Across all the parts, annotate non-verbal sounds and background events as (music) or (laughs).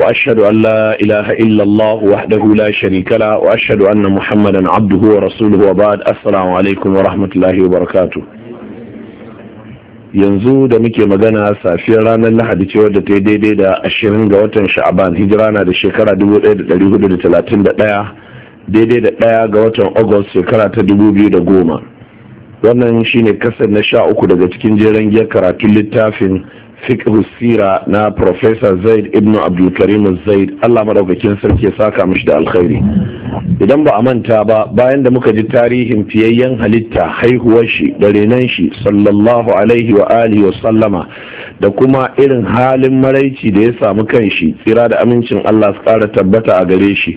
وأشهد أن لا إله إلا الله وحده لا شريك له وأشهد أن محمدا عبده ورسوله وبعد السلام عليكم ورحمة الله وبركاته yanzu da muke magana safiyar ranar lahadi ce wadda ta yi daidai da ashirin ga watan sha'aban hijira na da shekara 1431 daidai da ɗaya ga watan agus shekara ta 2010 wannan shine kasar na sha uku daga cikin jeren giyar karatun littafin fiqh sira na professor zaid ibn abdulkarim zaid allah madaukakin sarki ya saka mishi da alkhairi idan ba a manta ba bayan da muka ji tarihin fiyayyen halitta haihuwar shi da renan shi sallallahu alaihi wa alihi wa sallama da kuma irin halin maraici da ya samu kan shi tsira da amincin allah su kara tabbata a gare shi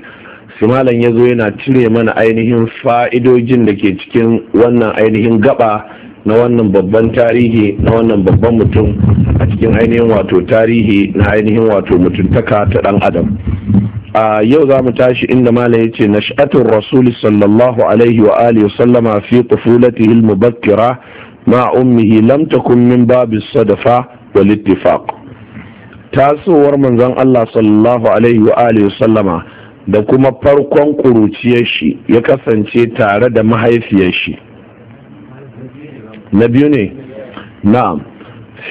simalan ya zo yana cire mana ainihin fa'idojin da ke cikin wannan ainihin gaba na wannan babban tarihi na wannan babban mutum a cikin ainihin wato tarihi na ainihin wato mutuntaka ta dan adam a yau za mu tashi inda malam ya ce nash'atul rasul sallallahu alaihi wa alihi sallama fi tufulatihi al-mubakkira ma ummihi lam takun min babi sadafa wal ittifaq tasowar manzon Allah sallallahu alaihi wa alihi sallama da kuma farkon kuruciyar shi ya kasance tare da mahaifiyar shi نبيوني نعم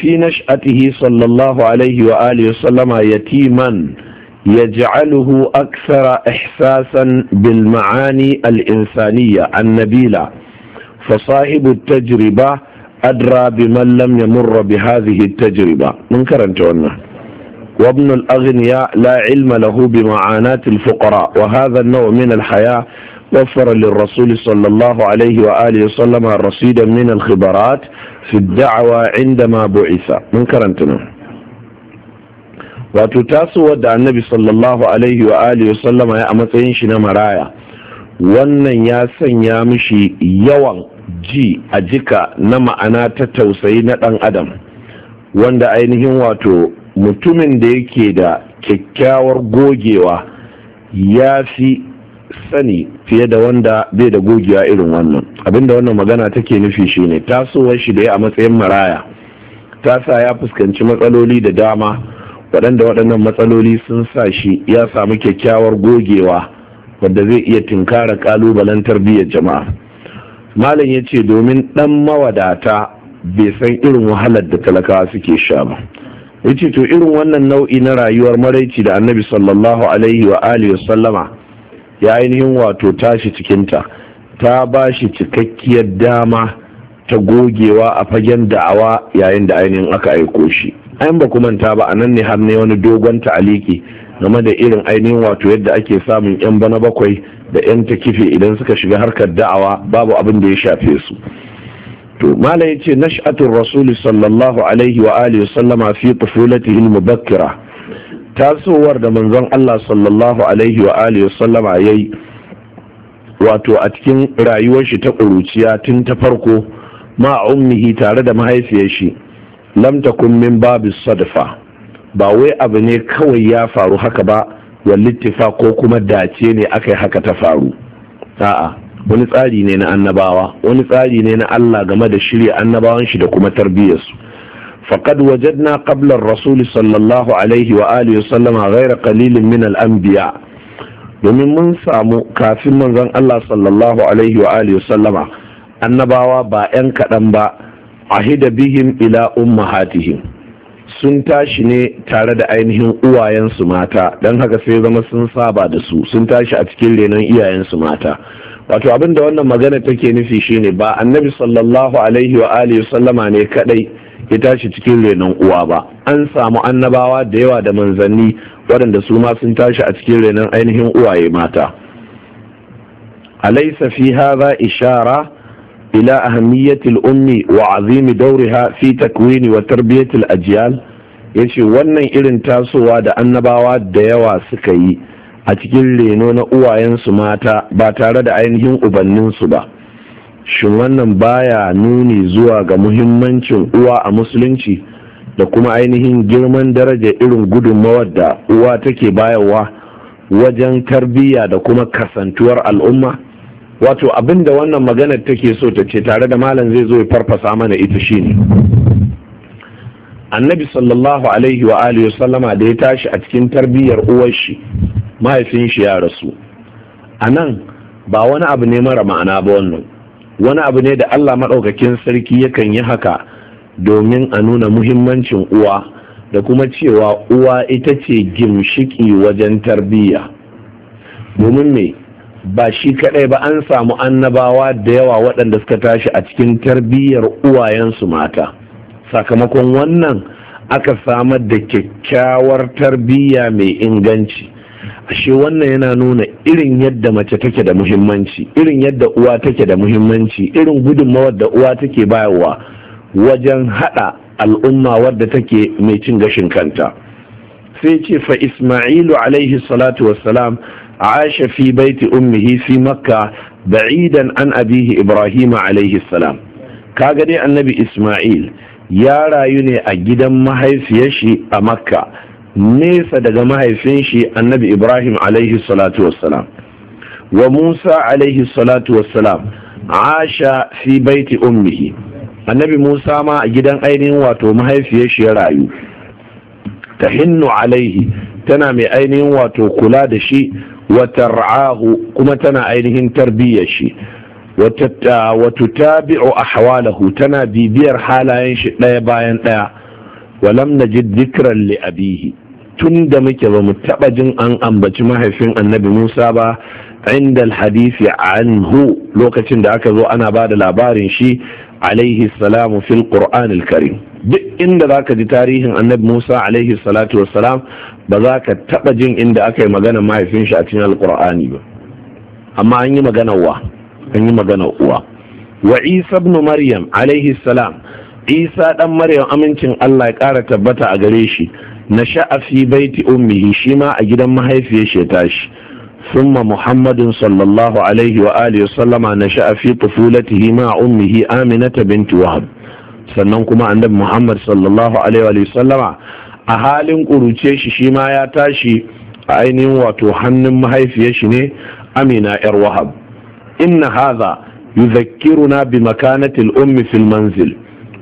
في نشأته صلى الله عليه وآله وسلم يتيما يجعله أكثر إحساسا بالمعاني الإنسانية النبيلة فصاحب التجربة أدرى بمن لم يمر بهذه التجربة منكرا جوانا وابن الأغنياء لا علم له بمعاناة الفقراء وهذا النوع من الحياة وفر للرسول صلى الله عليه وآله وسلم رصيدا من الخبرات في الدعوة عندما بعث من كرنتنا وتتاسو ودع النبي صلى الله عليه وآله وسلم يا أمتين شنا مرايا wannan ya sanya mishi yawan ji a jika na ma'ana ta tausayi na ɗan adam wanda ainihin wato mutumin da yake da kyakkyawar gogewa ya fi sani fiye da wanda bai da gogiya irin wannan abinda wannan magana take nufi shine tasowar shi da ya a matsayin maraya Ta sa ya fuskanci matsaloli da dama waɗanda waɗannan matsaloli sun sa shi ya samu kyakkyawar gogewa wadda zai iya tinkara kalubalen tarbiyyar jama'a malam ya ce domin ɗan mawadata bai san irin wahalar da talakawa suke sha ba ya ce to irin wannan nau'i na rayuwar maraici da annabi sallallahu alaihi wa alihi wa sallama ya ainihin wato tashi cikinta ta ba shi cikakkiyar dama ta gogewa a fagen da'awa yayin da ainihin aka aiko shi ayin ba manta ba a nan ne har ne wani dogon ta'aliki game da irin ainihin wato yadda ake samun yan bana bakwai da yan ta kife idan suka shiga harkar da'awa babu abin da ya shafe su to mala yace nash'atul rasul sallallahu alaihi wa alihi sallama fi tufulatihi al-mubakkira tasowar da manzon Allah sallallahu alaihi wa alihi sallama yayi wato a cikin rayuwar shi ta ƙuruciya tun ta farko ma ummihi tare da mahaifiyar shi lam takun min babu sadfa ba wai abu ne kawai ya faru haka ba walittifa ko kuma dace ne aka haka ta faru a'a wani tsari ne na annabawa wani tsari ne na Allah game da shirya annabawan shi da kuma tarbiyyarsu فقد وجدنا قبل الرسول صلى الله عليه وآله وسلم غير قليل من الأنبياء domin mun samu kafin manzon Allah sallallahu alaihi wa alihi sallama annabawa ba 'yan kaɗan ba ahida bihim ila ummahatihim sun tashi ne tare da ainihin uwayensu mata don haka sai zama sun saba da su sun tashi a cikin renon iyayensu mata wato abinda wannan magana take nufi shine ba annabi sallallahu alaihi wa alihi sallama ne kadai ya tashi cikin renon uwa ba an samu annabawa da yawa da manzanni waɗanda su ma sun tashi a cikin renon ainihin uwaye mata alaysa fi hadha ishara ila ahammiyati al-ummi wa azimi dawriha fi takwini wa tarbiyati al-ajyal yace wannan irin tasowa da annabawa da yawa suka yi a cikin reno na uwayensu mata ba tare da ainihin ubanninsu ba shin wannan baya nuni zuwa ga muhimmancin uwa a musulunci da kuma ainihin girman daraja irin gudunmawar da uwa take bayarwa wajen tarbiyya da kuma kasantuwar al'umma wato abinda wannan maganar take so ta ce tare da malam zai zo ya farfasa mana ita shine annabi sallallahu alaihi wa alihi da ya tashi a cikin tarbiyyar uwar shi mahaifin shi ya rasu a nan ba wani abu ne mara ma'ana ba wannan wani abu ne da allah maɗaukakin sarki yakan yi haka domin a nuna muhimmancin uwa da kuma cewa uwa ita ce gimshiki wajen tarbiyya domin me ba shi kaɗai ba an samu annabawa da yawa waɗanda suka tashi a cikin tarbiyyar uwayensu mata sakamakon wannan aka samar da kyakkyawar tarbiyya mai inganci ashe wannan yana nuna irin yadda mace take da muhimmanci irin yadda uwa take da muhimmanci irin gudunmawar da uwa take bayarwa wajen hada al'umma wadda take mai cin gashin kanta sai ce fa isma'ilu alaihi salatu wassalam fi makka ba'idan an abihi Ibrahim alaihi salam. kaga dai annabi Isma'il. Ya rayu ne a gidan mahaifiyar shi a Makka. nesa daga mahaifin shi annabi ibrahim alaihi salatu wassalam wa musa alaihi salatu wassalam asha fi baiti ummihi annabi musa ma a gidan ainihin wato mahaifiyar shi ya rayu ta hinnu alaihi tana mai ainihin wato kula da shi wata ra'ahu, kuma tana ainihin tarbiyyar shi wa tutabi'u ahwalahu tana bibiyar halayen shi ɗaya bayan ɗaya walam najid dhikran li tun da muke ba mu taba jin an ambaci mahaifin annabi musa ba inda alhadisi anhu lokacin da aka zo ana ba da labarin shi alaihi salamu fil qur'an alkarim duk inda za ka ji tarihin annabi musa alaihi salatu wassalam ba za ka taba jin inda aka yi magana mahaifin shi a cikin alkur'ani ba amma an yi magana wa an yi magana uwa wa isa ibn maryam alaihi salam isa dan maryam amincin allah ya kara tabbata a gare shi na sha'afi baiti ummihi shi ma a gidan mahaifiyar shi tashi thumma Muhammadu sallallahu alaihi na sha'afi tufulatihi ma ummihi aminata binti wahab sannan kuma annabi muhammad sallallahu a halin kuruce shi shi ma ya tashi a ainihin wato hannun mahaifiyar shi ne amina yar wahab inna hadha na bi makanatil ummi fil manzil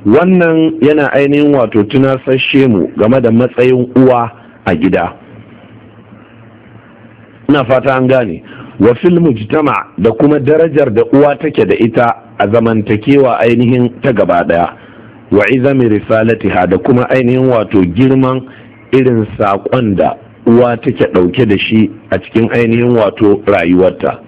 wannan yana ainihin wato tunasashe mu game da matsayin uwa a gida ina fata an gane wa filmu jitama da kuma darajar da uwa take da ita a zamantakewa ainihin ta gaba daya wa izami risalatiha da kuma ainihin wato girman irin saƙon da uwa take ɗauke da shi a cikin ainihin wato rayuwarta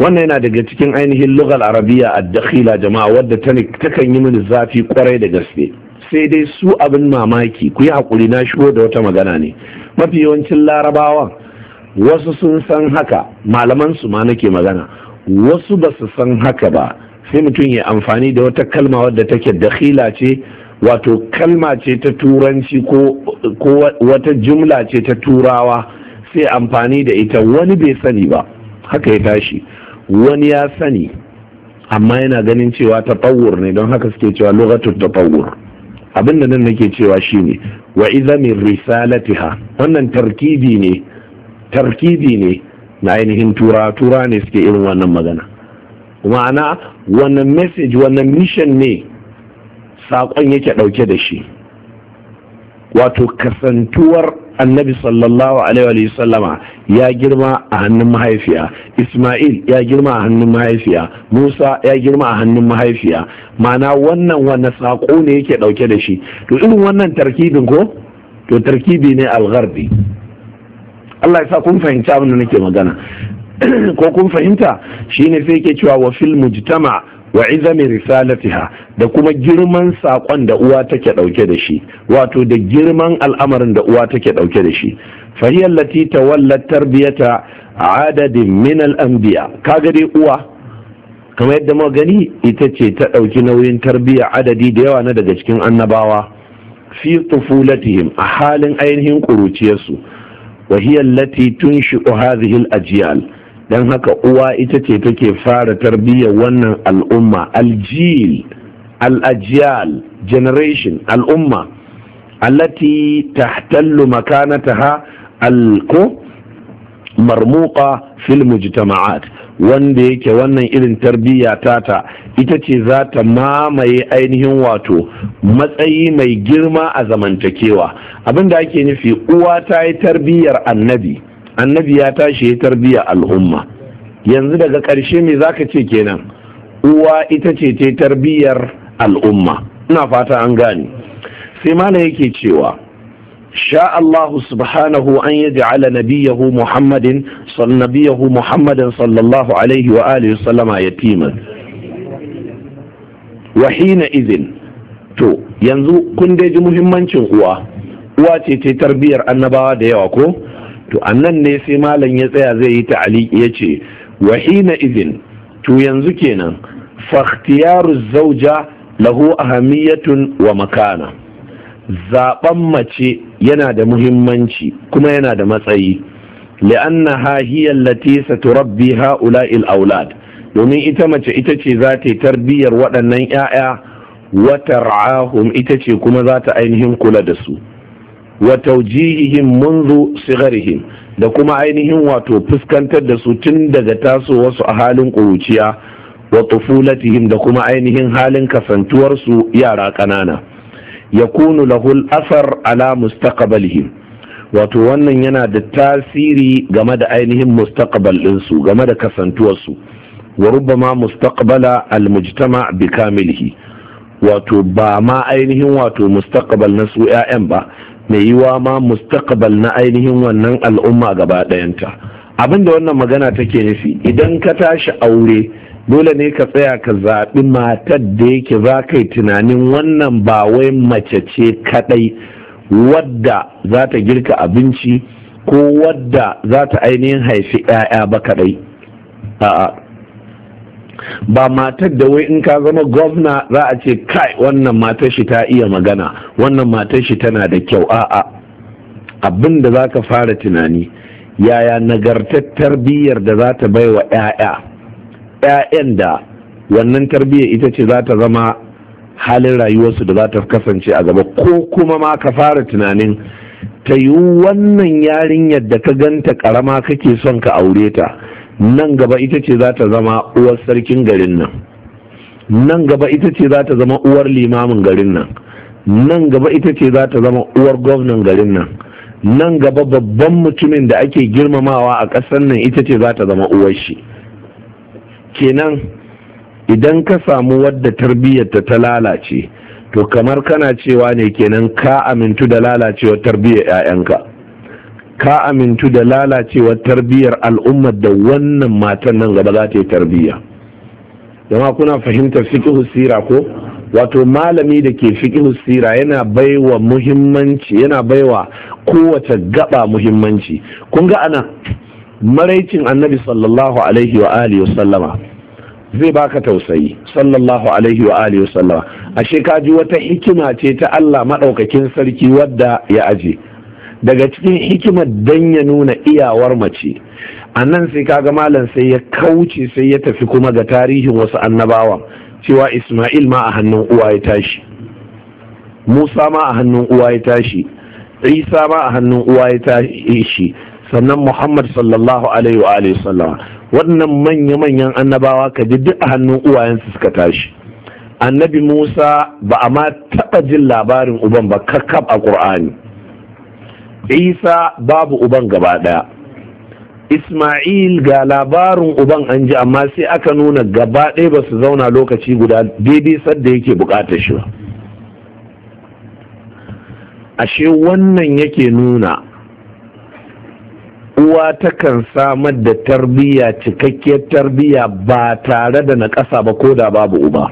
wannan yana daga cikin ainihin lugal arabiya a dakhila jama'a wadda ta takan yi mini zafi kwarai da gaske sai dai su abin mamaki ku yi hakuri na shigo da wata magana ne mafi yawancin larabawan wasu sun san haka malaman su ma nake magana wasu ba su san haka ba sai mutum ya amfani da wata kalma wadda take dakhila ce wato kalma ce ta turanci ko wata jumla ce ta turawa sai amfani da ita wani bai sani ba haka ya tashi wani ya sani amma yana ganin cewa tafawur ne don haka suke cewa lokacin tafawur abin da nan nake cewa shine wa izamin risalatiha wannan tarkibi ne tarkibi ne na ainihin tura tura ne suke irin wannan magana ma'ana wannan message wannan mission ne saƙon yake ɗauke da shi wato kasantuwar annabi sallallahu alaihi sallama ya girma a hannun mahaifiya isma'il ya girma a hannun mahaifiya musa ya girma a hannun mahaifiya ma'ana wannan wanne saƙo ne yake ɗauke da shi to irin wannan tarkibin ko to tarkibi ne algharbi Allah ya sa kun fahimta abin da nake magana (clears throat) ko kun fahimta shine sai yake cewa wa fil mujtama' wa izami risalatiha da kuma girman saƙon da uwa take ɗauke da shi wato da girman al'amarin da uwa take ɗauke da shi ta lati tawallar tarbiyata adadin min al'ambiya kaga dai uwa kamar yadda muka gani ita ce ta ɗauki nauyin tarbiyya adadi da yawa na daga cikin annabawa fi tufulatihim a halin ainihin ƙuruciyarsu wa hiya allati tunshi'u hadhihi al don haka uwa ita ce take fara tarbiyyar wannan al'umma aljil al'ajiyal generation al'umma allati tahtallu makanataha alko marmuka fil wanda yake wannan irin tarbiyya tata ita ce za ta mamaye ainihin wato matsayi mai girma a zamantakewa abinda ake nufi uwa ta yi tarbiyyar annabi annabi ya tashi ya tarbiya al'umma yanzu daga ƙarshe me za ka ce kenan uwa ita ce ta tarbiyar al'umma ina fata an gane sai mana yake cewa sha subhanahu an yi ja'ala nabiyahu muhammadin sallallahu صلى نبيه alaihi salama, ya fi وآله وسلم na izin. to yanzu kun ji muhimmancin uwa uwa ce ce tarbiyar annabawa da yawa ko to annan ne sai malam ya tsaya zai yi ta'ali? ya ce wahina izin to yanzu kenan fakhtiyaru zauja lahu ahamiyatun wa makana zaben mace yana da muhimmanci kuma yana da matsayi li'annaha hiya allati saturabbi ha'ula'il aulad domin ita mace ita ce za ta yi tarbiyyar waɗannan 'ya'ya wata ra'ahum ita ce kuma za ta ainihin kula da su wa taujihihim munzu sigarihim da kuma ainihin wato fuskantar da su tun daga tasowarsu a halin ƙuruciya wa tufulatihim da kuma ainihin halin kasantuwarsu yara ƙanana kunu lahul asar ala mustaqbalihim wato wannan yana da tasiri game da ainihin mustaqbal ɗinsu game da kasantuwarsu wa rubbama mustaqbala almujtama bi wato ba ma ainihin wato mustaqbal na su 'ya'yan ba mai yiwa ma mustaqbal na ainihin wannan al'umma gaba ɗayanta abinda wannan magana take nufi idan ka tashi aure dole ne ka tsaya ka zaɓi matar da yake za ka yi tunanin wannan ba wai mace ce kaɗai wadda za ta girka abinci ko wadda za ta ainihin haifi 'ya'ya ba kaɗai a'a ba matar da wai in ka zama gwamna za a ce kai wannan matar shi ta iya magana wannan matar shi tana da kyau a'a abin da za ka fara tunani yaya nagartar tarbiyyar da za ta bai wa 'ya'ya 'ya'yan da wannan tarbiyyar ita ce za ta zama halin rayuwarsu da za ta kasance a gaba ko kuma ma ka fara tunanin ta yi wannan yarinyar da ka ganta karama kake son ka aure ta nan gaba ita ce za ta zama uwar sarkin garin nan nan gaba ita ce za ta zama uwar limamin garin nan nan gaba ita ce za ta zama uwar gwamnan garin nan nan gaba babban mutumin da ake girmamawa a ƙasar nan ita ce za ta zama uwar shi kenan idan ka samu wadda tarbiyyarta ta lalace to kamar kana cewa ne kenan ka amintu da lalacewar tarbiyyar 'ya'yanka ka amintu da lalacewar tarbiyyar al'umma da wannan matan nan gaba za ta yi tarbiyya jama kuna fahimtar fikihu sira ko wato malami da ke fikihu sira yana baiwa muhimmanci yana baiwa kowace gaba muhimmanci kun ga anan maraicin annabi sallallahu alaihi wa alihi wa sallama zai baka tausayi sallallahu alaihi wa alihi wa sallama ashe ka ji wata hikima ce ta Allah madaukakin sarki wadda ya aje daga cikin hikimar dan ya nuna iyawar mace a nan sai kaga malam sai ya kauce sai ya tafi kuma ga tarihin wasu annabawan cewa isma'il ma a hannun uwa ya tashi musa ma a hannun uwa ya tashi isa ma a hannun uwa ya tashi sannan muhammad sallallahu alaihi wa alihi sallama waɗannan manya-manyan annabawa ka ji duk a hannun uwayensu suka tashi annabi musa ba a ma taɓa jin labarin uban ba kakkab a ƙur'ani isa babu uban gaba ɗaya isma'il ga labarin uban an ji amma sai aka nuna gaba ɗaya ba su zauna lokaci guda daidai sadda yake buƙatar shi ba ashe wannan yake nuna uwa takan samar da tarbiyya cikakkiyar tarbiyya ba tare da na ƙasa ba ko da babu uba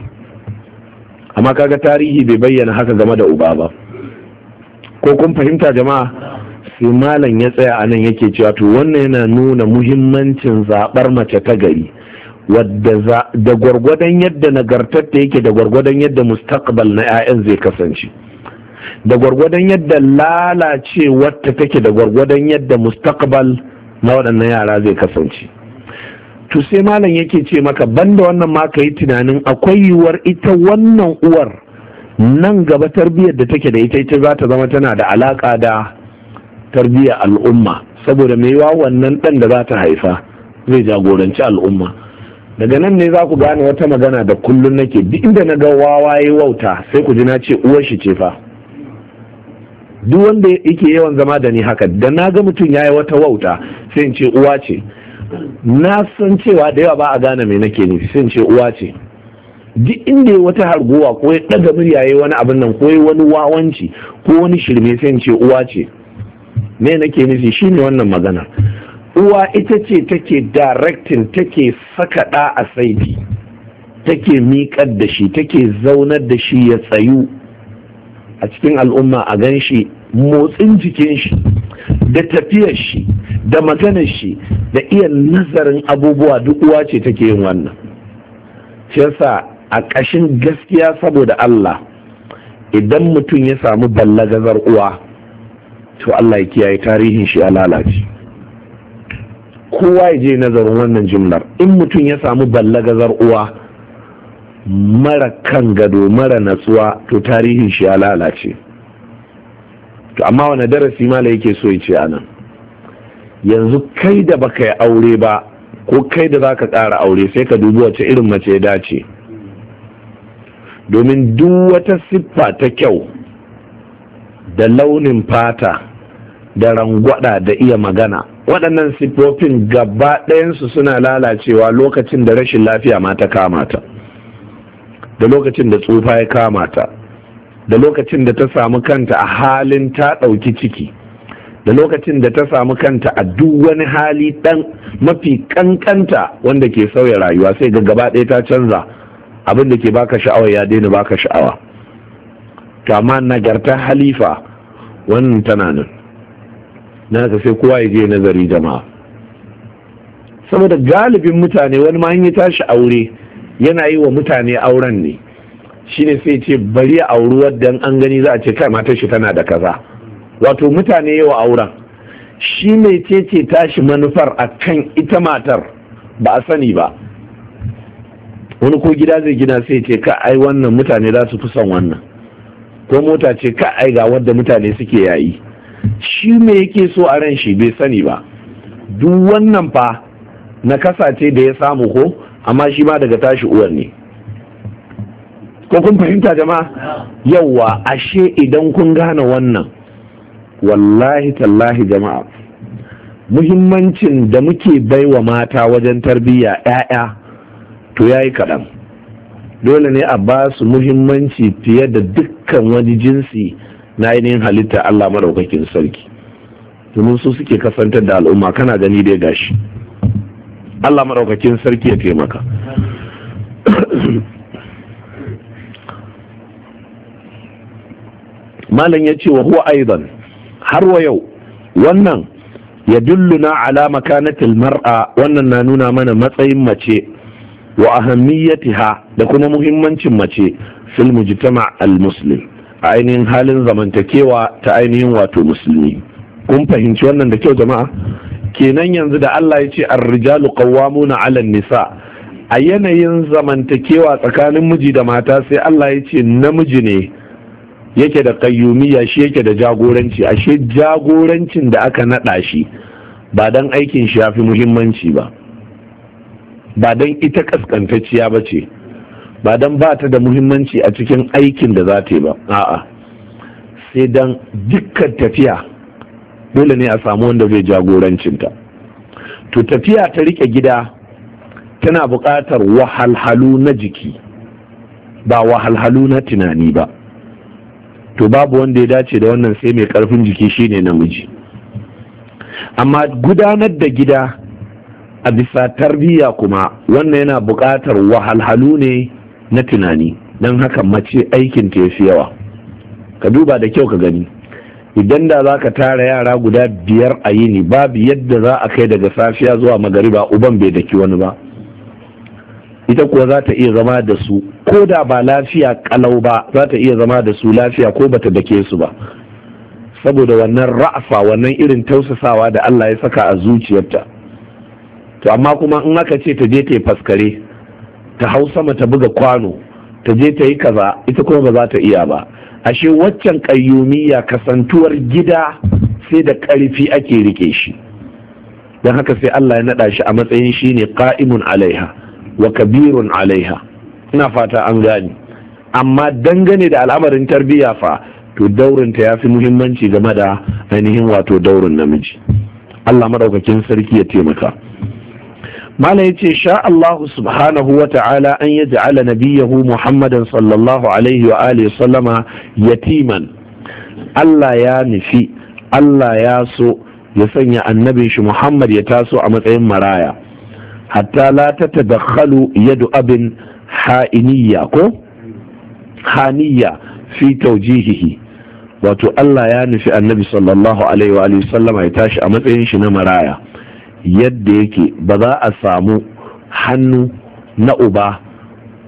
amma kaga tarihi bai bayyana haka game da uba ba ko kun fahimta jama'a sai malam ya tsaya a nan yake cewa to wannan yana nuna muhimmancin zaɓar mace ta gari wadda da gwargwadon yadda ta yake da gwargwadon yadda mustaqbal na 'ya'yan zai kasance da gwargwadon yadda lalacewarta take da gwargwadon yadda mustaqbal na waɗannan yara zai kasance to sai malam yake ce maka banda wannan ma ka yi tunanin akwai yiwuwar ita wannan uwar nan gaba tarbiyyar da take da ita ita za ta zama tana da alaka da tarbiyyar al'umma saboda mai yawa wannan ɗan da za ta haifa zai jagoranci al'umma daga nan ne za ku gane wata magana da kullum nake duk inda na ga wawaye wauta sai ku ji ce uwar shi ce fa duk wanda yake yawan zama da ni haka da na ga mutum ya yi wata wauta sai in ce uwa ce na san cewa da yawa ba a gane mai nake ne sai in ce uwa ce duk inda ya wata harguwa ko ya ɗaga murya ya yi wani abin nan ko ya wani wawanci ko wani shirme sai in ce uwa ce me nake nufi shine wannan magana uwa ita ce take directing take saka ɗa a saiti take miƙar da shi take zaunar da shi ya tsayu a cikin al'umma a gan shi motsin jikin shi da tafiyar shi da maganar shi da iya nazarin abubuwa duk uwa ce take yin wannan shi yasa a ƙashin gaskiya saboda Allah idan mutum ya samu ballagazar uwa to Allah ya kiyaye tarihin shi ya lalace kowa ya je nazarin wannan jimlar in mutum ya samu ballagazar uwa mara kan gado mara natsuwa to tarihin shi ya lalace to amma wani darasi mala yake so ya ce anan yanzu kai da baka yi aure ba ko kai da za ka ƙara aure sai ka dubi wace irin mace ya dace domin duk wata siffa ta kyau da launin fata da rangwada da iya magana waɗannan siffofin gaba ɗayansu suna lalacewa lokacin da rashin lafiya ma ta kama ta da lokacin da tsufa ya kama ta da lokacin da ta samu kanta a halin ta ɗauki ciki da lokacin da ta samu kanta a duk wani hali ɗan mafi ƙanƙanta wanda ke sauya rayuwa sai ga gaba ɗaya ta canza abin da ke baka sha'awa ya daina baka sha'awa to amma nagartar halifa wannan tana nan na ka sai kowa ya je nazari jama'a saboda galibin mutane wani ma yi tashi aure yana yi wa mutane auren ne shine sai ce bari a auri wadda an gani za a ce kai matar shi tana da kaza wato mutane yawa auren shi mai ce tashi manufar a kan ita matar ba a sani ba wani ko gida zai gina sai ce ka ai wannan mutane za su fi son wannan ko mota ce ka ai ga wadda mutane suke yayi shi me yake so a ran shi bai sani ba duk wannan fa na ce da ya samu ko amma shi ba daga tashi uwar ne ko kun fahimta jama'a yawa ashe idan kun gane wannan wallahi tallahi jama'a muhimmancin da muke baiwa mata wajen tarbiyya 'ya'ya to ya yi kaɗan dole ne a ba su muhimmanci fiye da dukkan wani jinsi na ainihin halitta Allah maɗaukakin sarki domin su suke kasantar da al'umma kana gani dai gashi Allah maɗaukakin sarki ya taimaka (coughs) malam ya ce wa huwa aidan har wa yau wannan ya dulluna ala makanatil mar'a wannan na nuna mana matsayin mace wa ahammiyatiha da kuma muhimmancin mace fil mujtama al muslim a ainihin halin zamantakewa ta ainihin wato musulmi kun fahimci wannan da kyau jama'a kenan yanzu da Allah ya ce ar-rijalu qawwamuna 'ala nisa a yanayin zamantakewa tsakanin miji da mata sai Allah ya ce namiji ne yake da kayyumiya shi yake da jagoranci ashe jagorancin da aka naɗa shi ba don aikin shi ya muhimmanci ba ba dan ita kaskantacciya ba ce ba don ba ta da muhimmanci a cikin aikin da za ta yi ba a'a sai don dukkan tafiya dole ne a samu wanda zai jagorancinta to tafiya ta rike gida tana buƙatar wahalhalu na jiki ba wahalhalu na tunani ba to babu wanda ya dace da wannan sai mai ƙarfin jiki shine namiji amma gudanar da gida a bisa tarbiyya kuma wannan yana buƙatar wahalhalu ne na tunani don haka mace aikin ta fi yawa ka duba da kyau ka gani idan da za ka tara yara guda biyar a yini babu yadda za a kai daga safiya zuwa magariba uban bai daki wani ba ita kuwa za ta iya zama da su ko da ba lafiya kalau ba za ta iya zama da su lafiya ko bata dake su ba saboda wannan ra'afa wannan irin tausasawa da Allah ya saka a zuciyarta to amma kuma in aka ce ta je ta yi faskare ta hau sama ta buga kwano ta je ta yi kaza ita kuma ba za ta iya ba ashe waccan ƙayyumiya kasantuwar gida sai da ƙarfi ake rike shi don haka sai Allah ya naɗa shi a matsayin shi ne ƙa'imun alaiha wa kabirun alaiha ina fata an gani amma dangane da al'amarin tarbiyya fa to daurinta ya fi muhimmanci game da ainihin wato daurin namiji Allah maɗaukakin sarki ya taimaka. mala yace sha Allahu subhanahu wa ta'ala an yaj'ala nabiyahu Muhammadan sallallahu alaihi wa alihi sallama yatiman Allah ya nufi Allah ya so ya sanya annabin shi Muhammad ya taso a matsayin maraya hatta la tatadakhalu yadu abin ha'iniya ko haniya fi taujihihi wato Allah ya nufi annabi sallallahu alaihi wa alihi sallama ya tashi a matsayin shi na maraya yadda yake ba za a samu hannu na uba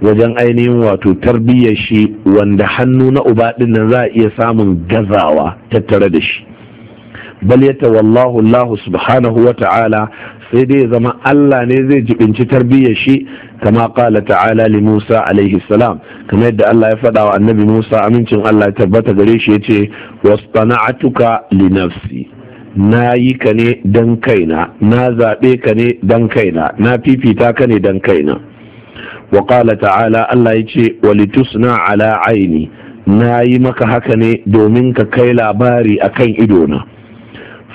wajen ainihin wato tarbiyyar shi wanda hannu na uba dinnan za a iya samun gazawa tattare da shi bal ya tawallahu Allah subhanahu wa ta'ala sai dai zama Allah ne zai jibinci tarbiyyar shi kama kala ta'ala li Musa alaihi salam kamar yadda Allah ya faɗa wa annabi Musa amincin Allah ya tabbata gare shi ya ce wasu li nafsi na yi ka ne don kaina na zaɓe ka ne don kaina na fifita ka ne don kaina wa ƙala ta'ala Allah ya ce walitusna ala aini na yi maka haka ne domin ka kai labari akan idona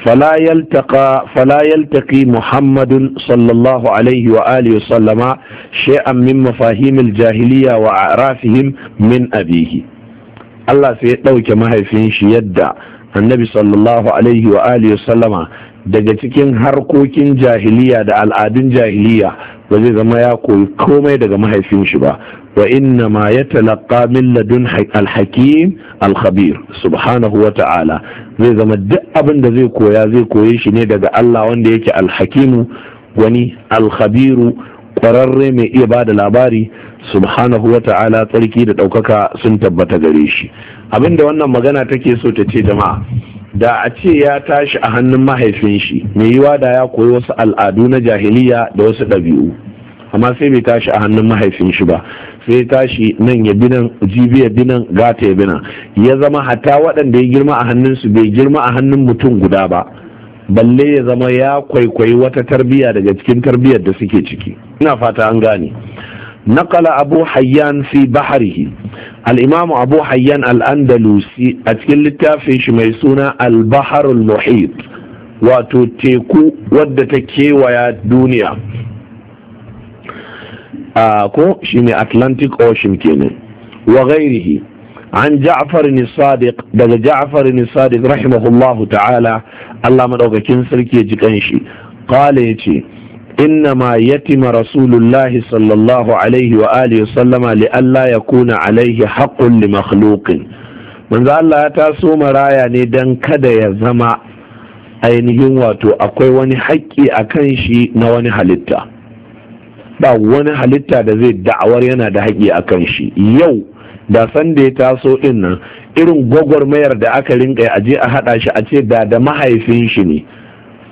falayal taƙi muhammadun sallallahu alaihi wa sallama she'an min mafahimil jahiliya wa rafihim min abihi Allah sa ya ɗauke mahaifin shi yadda annabi sallallahu alaihi wa alihi sallama daga cikin harkokin jahiliya da al'adun jahiliya ba zai zama ya koyi komai daga mahaifin shi ba wa inna ma ya talaka min ladun alhakim alkhabir subhanahu wa ta'ala zai zama duk abin da zai koya zai koye shi ne daga Allah wanda yake alhakimu wani alkhabiru kwararre mai iya ba da labari subhanahu wa ta'ala tsarki da ɗaukaka sun tabbata gare shi abinda wannan magana take so ta ce jama'a da a ce ya tashi a hannun mahaifin shi mai yiwa da ya koyi wasu al'adu na jahiliya da wasu ɗabi'u amma sai bai tashi a hannun mahaifin shi ba sai tashi nan ya binan jibi ya binan gata ya binan ya zama hata waɗanda ya girma a hannunsu bai girma a hannun mutum guda ba balle ya zama ya kwaikwayi wata tarbiya daga cikin tarbiyar da suke ciki ina fata an gane naqala abu hayyan fi baharihi al-imamu abu hayyan al-andalusi a cikin littafin shi mai suna al-baharul muhit wato teku wadda ta kewaya duniya a ko shi atlantic ocean kenan wa gairihi an ja'far ni sadiq daga ja'far ni sadiq rahimahullahu ta'ala Allah madaukakin sarki ya ji kanshi qala yace inna ma yatima rasulullah sallallahu alaihi wa alihi sallama li alla yakuna alaihi haqqun li makhluqin manzo Allah ya taso maraya ne dan kada ya zama ainihin wato akwai wani haƙƙi a shi na wani halitta ba wani halitta da zai da'awar yana da haƙƙi a shi yau da san da ya taso din nan irin gwagwarmayar da aka rinka a je a hada shi a ce da da mahaifin shi ne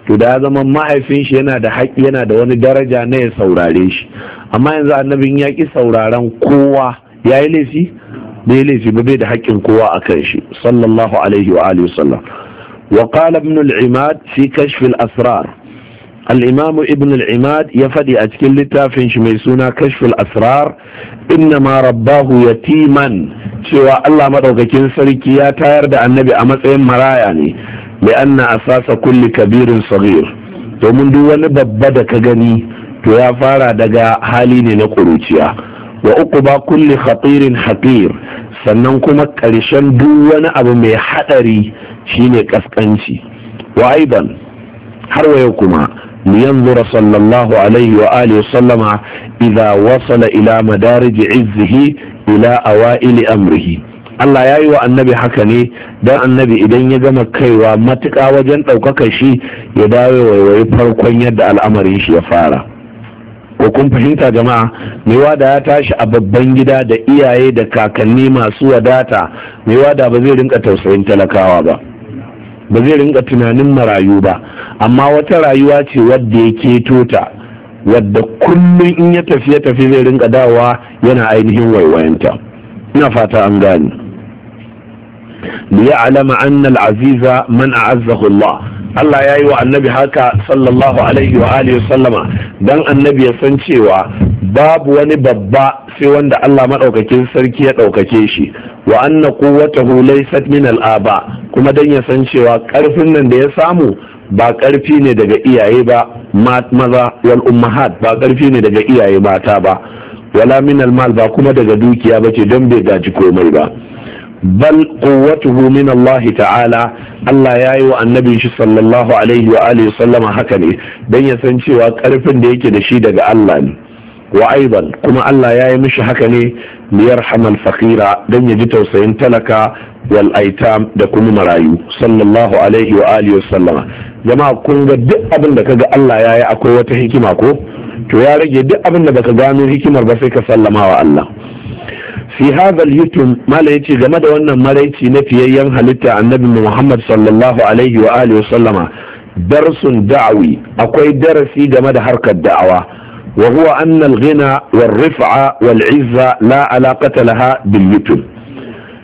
to da zama mahaifin shi yana da haƙƙi yana da wani daraja na ya saurare shi amma yanzu annabin ya ƙi sauraren kowa ya yi laifi bai laifi ba bai da haƙƙin kowa a kan shi sallallahu alaihi wa alihi wa sallam wa qala ibn al-imad fi kashf al-asrar al'imamu ibn al'imad ya faɗi a cikin littafin shi mai suna kashful asrar inna ma rabbahu yatiman cewa allah maɗaukakin sarki ya tayar da annabi a matsayin maraya ne mai anna asasa kulli kabirin sagir domin duk wani babba da ka gani to ya fara daga hali ne na ƙuruciya wa uku ba kulli khatirin haƙir sannan kuma ƙarshen duk wani abu mai haɗari shine ƙasƙanci wa aiban har wa kuma لينظر صلى الله عليه وآله وسلم إذا وصل إلى مدارج عزه إلى أوائل أمره Allah ya yi wa annabi haka ne don annabi idan ya gama kaiwa matuƙa wajen ɗaukaka shi ya dawo waiwayi farkon yadda al'amarin shi ya fara. ko kun fahimta jama'a mai wada ya tashi a babban gida da iyaye da kakanni masu wadata mai wada ba zai rinka tausayin talakawa ba ba zai rinka tunanin marayu ba amma wata rayuwa ce wadda ya keto ta wadda kullum in ya tafi ya tafi zai rinka dawa yana ainihin waiwayanta ina fata an gane alama أن al'aziza man a الله Allah ya yi wa annabi haka sallallahu alaihi wa alihi sallama dan annabi ya san cewa babu wani babba sai wanda Allah maɗaukakin sarki ya ɗaukake shi wa anna quwwatahu laysat min aba kuma dan ya san cewa karfin nan da ya samu ba ƙarfi ne daga iyaye ba maza wal ummahat ba ƙarfi ne daga iyaye mata ba wala min mal ba kuma daga dukiya bace don bai gaji komai ba bal quwwatuhu min Allah ta'ala Allah ya yi wa annabi shi sallallahu alaihi wa alihi sallama haka ne dan ya san cewa ƙarfin da yake da shi daga Allah ne wa aiban kuma Allah ya yi mishi haka ne liyarhamal fakira dan ya ji tausayin talaka wal aitam da kuma marayu sallallahu alaihi wa alihi sallama jama'a kun ga duk abin da kaga Allah ya yi akwai wata hikima ko to ya rage duk abin da baka gano hikimar ba sai ka sallama wa Allah fi hadhal yutum mala yace game da wannan maraici na fiyayyen halitta annabi Muhammad sallallahu alaihi wa alihi darsun da'awi akwai darasi game da harkar da'awa wa huwa anna al-ghina wal-rif'a wal-'izza la alaqata laha bil yutum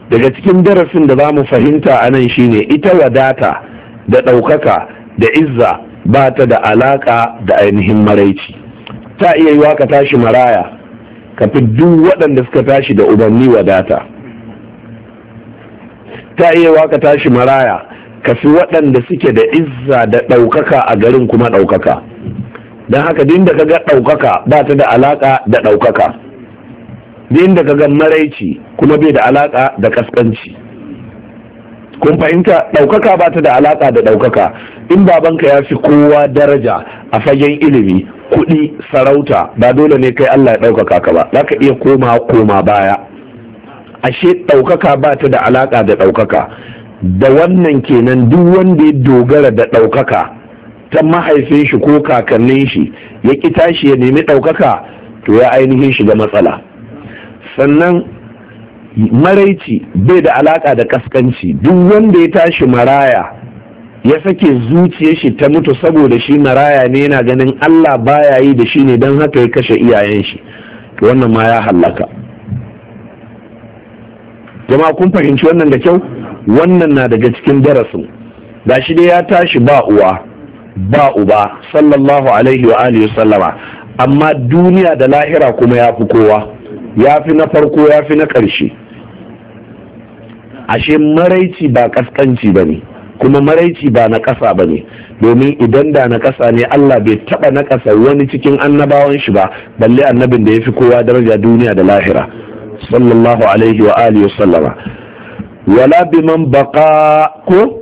daga cikin darasin da zamu fahimta anan shine ita wadata da ɗaukaka da izza ba ta da alaƙa da ainihin maraici ta iya yiwa ka tashi maraya ka fi duk waɗanda suka tashi da ubanni wadata ta iya yiwa ka tashi maraya ka fi waɗanda suke da izza da ɗaukaka a garin kuma ɗaukaka don haka din da kaga ɗaukaka ba ta da alaƙa da ɗaukaka din da kaga maraici kuma bai da alaƙa da kaskanci. kun fahimta ɗaukaka ba ta da alaƙa da ɗaukaka in babanka ya fi kowa daraja a fagen ilimi kuɗi sarauta ba dole ne kai allah ya ɗaukaka ka ba za ka iya koma koma baya ashe ɗaukaka ba ta da alaƙa da ɗaukaka da wannan kenan duk wanda ya dogara da ɗaukaka ta mahaifin shi ko kakannin shi ya ƙi tashi ya nemi ɗaukaka to ya ainihin shiga matsala sannan maraici bai da alaka da kaskanci duk wanda ya tashi maraya ya sake zuciyar shi ta mutu saboda shi maraya ne yana ganin Allah baya yi da shi ne don haka ya kashe iyayen shi to wannan ma ya hallaka Jam'a kun fahimci wannan da kyau wannan na daga cikin darasin da shi dai ya tashi ba uwa ba uba sallallahu alaihi wa alihi sallama amma duniya da lahira kuma ya fi kowa ya fi na farko ya fi na ƙarshe ashe maraici ba ƙasƙanci ba ne kuma maraici ba na ƙasa ba ne domin idan da na ƙasa ne Allah bai taɓa na ƙasa wani cikin annabawan shi ba balle annabin da ya fi kowa daraja duniya da lahira sallallahu alaihi wa alihi sallama wala biman baqa ko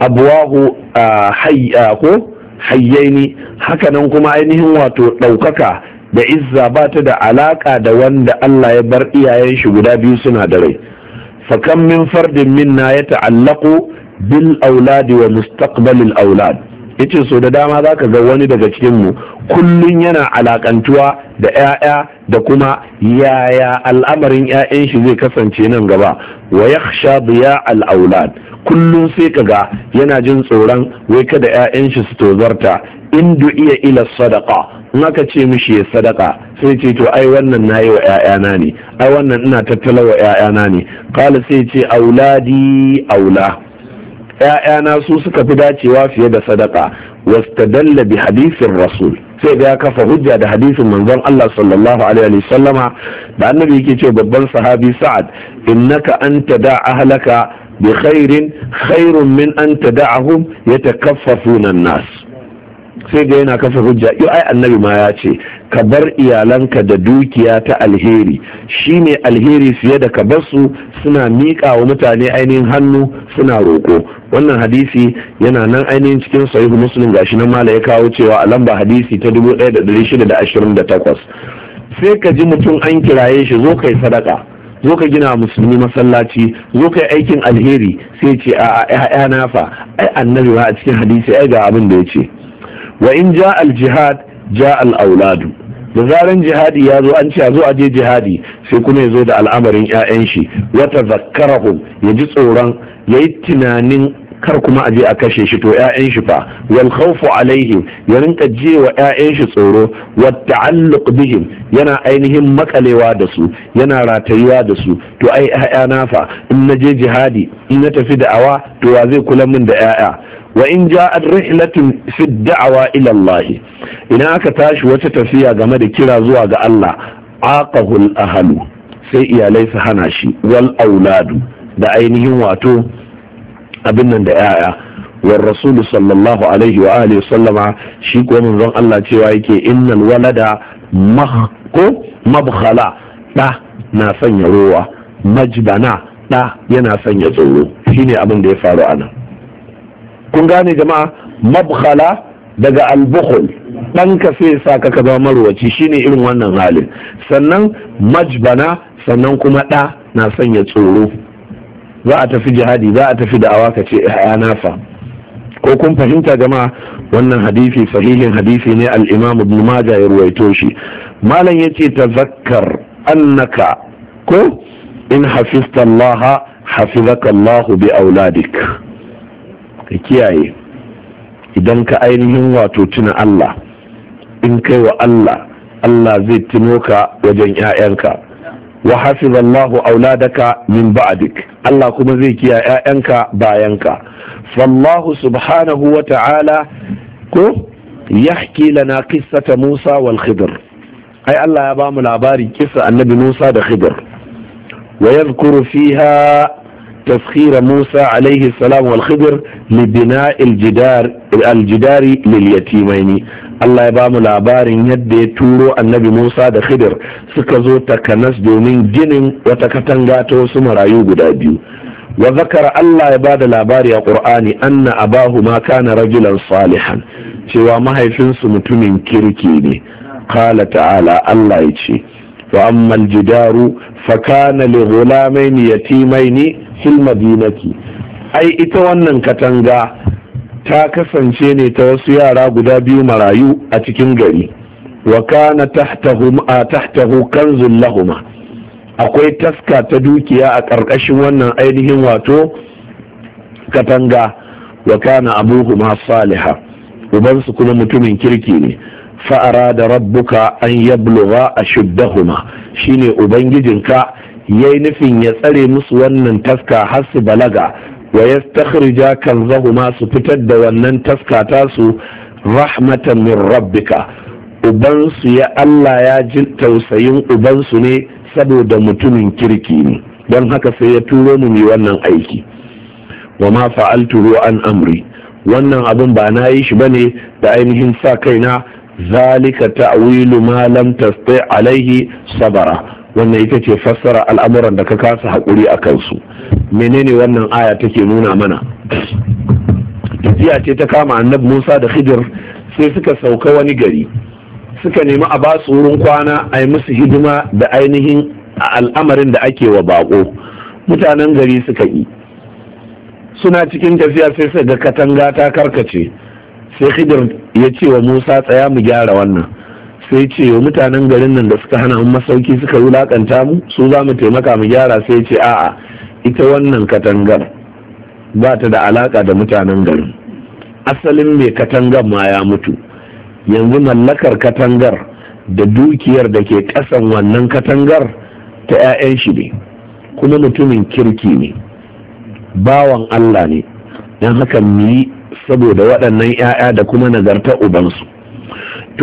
abuwahu ah, hayya ko hayyaini hakanan kuma ainihin wato ɗaukaka da izza ba ta da alaka da wanda Allah ya bar iyayen shi guda biyu suna da rai fakan min fardin minna ya ta'allaku bil auladi wa mustaqbalil aulad yace so da dama zaka ga wani daga cikin mu kullun yana alakantuwa da 'ya'ya da kuma yaya al'amarin 'ya'yan shi zai kasance nan gaba wa yakhsha biya al aulad kullun sai kaga yana jin tsoron wai kada 'ya'yan shi su tozarta in iya ila sadaqa in aka ce mishi ya sadaka sai ce to ai wannan na yi wa 'ya'yana ne ai wannan ina tattala wa 'ya'yana ne kala sai ce auladi aula ‘ya'yana su suka fi dacewa fiye da sadaka wastadalla bi hadisin rasul sai ga ya kafa hujja da hadisin manzon Allah sallallahu alaihi sallama da annabi yake ce babban sahabi sa'ad innaka anta da ahlaka bi khairin khairun min an da'ahum yatakaffafuna nas sai ga yana kafa hujja yau ai annabi ma ya ce ka bar iyalanka da dukiya ta alheri Shi shine alheri fiye da ka bar su suna miƙa wa mutane ainihin hannu suna roƙo wannan hadisi yana nan ainihin cikin sahihu muslim gashi nan mala ya kawo cewa a lamba hadisi ta 1628 sai ka ji mutum an kiraye shi zo kai sadaka zo ka gina musulmi masallaci zo ka yi aikin alheri sai ce a ya'ya nafa. ai annabi ma a cikin hadisi ai ga abin da ya ce wa in ja al jihad ja al auladu da zaran jihadi ya zo an ce a zo a je jihadi sai kuma ya zo da al'amarin 'ya'yan shi wata zakkarahu ya ji tsoron ya yi tunanin kar kuma a je a kashe shi to 'ya'yan shi fa wal khawfu alaihim ya rinka je wa 'ya'yan shi tsoro wa ta'alluq bihim yana ainihin makalewa da su yana ratayuwa da su to ai 'ya'ya na fa in na je jihadi in na tafi awa to wa zai kula min da 'ya'ya wa in ja'at rihlatun fi da'wa ila Allah idan aka tashi wata tafiya game da kira zuwa ga Allah aqahul ahlu sai iyalai su hana shi wal auladu da ainihin wato abin nan da yaya wal rasulu sallallahu alaihi wa alihi sallama shi ko manzon Allah cewa yake innal walada mahko mabkhala da na sanya rowa majbana da yana sanya tsoro shine abin da ya faru anan kun gane jama'a mabkhala daga albukhul ka sai sa ka ka zama marwaci shine irin wannan halin sannan majbana sannan kuma ɗa na sanya tsoro za a tafi jihadi za a tafi da ka ce ya nafa ko kun fahimta jama'a wannan hadisi sahihin hadisi ne al-imam ibn majah ya ruwaito shi malam yace tazakkar annaka ko in hafizta Allah hafizaka Allah bi auladik ka kiyaye idan ka ainihin wato tuna Allah in kai wa Allah Allah zai tuno ka wajen 'ya'yanka wa hafizallahu auladaka min ba'dik Allah kuma zai kiyaye 'ya'yanka bayanka fallahu subhanahu wa ta'ala ko yahki lana qissata Musa wal Khidr ai Allah ya bamu labari kisa annabi Musa da Khidr wa yadhkuru fiha تسخير موسى عليه السلام والخضر لبناء الجدار الجدار لليتيمين Allah ya bamu labarin yadda ya turo annabi Musa da Khidir suka zo takanas domin ginin wata katanga ta wasu marayu guda biyu. Wa zakara Allah ya ba da labari a Kur'ani, anna abahu ma kana rajulan salihan cewa mahaifinsu mutumin kirki ne. Kala ta'ala Allah ya ce, wa ammal jidaru fa kana li fil madinati ai ita wannan katanga ta kasance ne ta wasu yara guda biyu marayu a cikin gari wa kana tahtahu kanzun lahuma akwai taska ta dukiya a ƙarƙashin wannan ainihin wato katanga wa kana abuhuma saliha ubansu kuma mutumin kirki ne fa'ara da rabbuka an yabluga a shuddahuma shine ubangijinka ya yi nufin ya tsare musu wannan taska har su balaga wa ya kan zahuma su fitar da wannan taska su rahmatan min rabbika ubansu ya Allah ya ji tausayin ubansu ne saboda mutumin kirki ne don haka sai ya turo mu mai wannan aiki wa ma fa'altu an amri wannan abin ba na yi shi bane da ainihin sa kaina zalika ta'wilu ma lam tasti alaihi sabara wannan ita ce fassara al'amuran da ka kasa haƙuri a kansu menene wannan aya take nuna mana tafiya ce ta kama annab musa da khidir sai suka sauka wani gari suka nemi a basu wurin kwana a yi musu hidima da ainihin al'amarin da ake wa baƙo. mutanen gari suka yi suna cikin tafiya sai suka ga katanga ta karkace sai khidir ya ce wa musa tsaya mu gyara wannan sai ce wa mutanen garin nan da suka hana mu masauki suka wulakanta mu su za mu taimaka mu gyara sai ce a'a ita wannan katangar ba ta da alaka da mutanen garin asalin mai katangar ma ya mutu yanzu mallakar katangar da dukiyar da ke kasan wannan katangar ta 'ya'yan shi ne kuma mutumin kirki ne bawan allah ne don haka mu yi saboda waɗannan 'ya'ya da kuma nagarta ubansu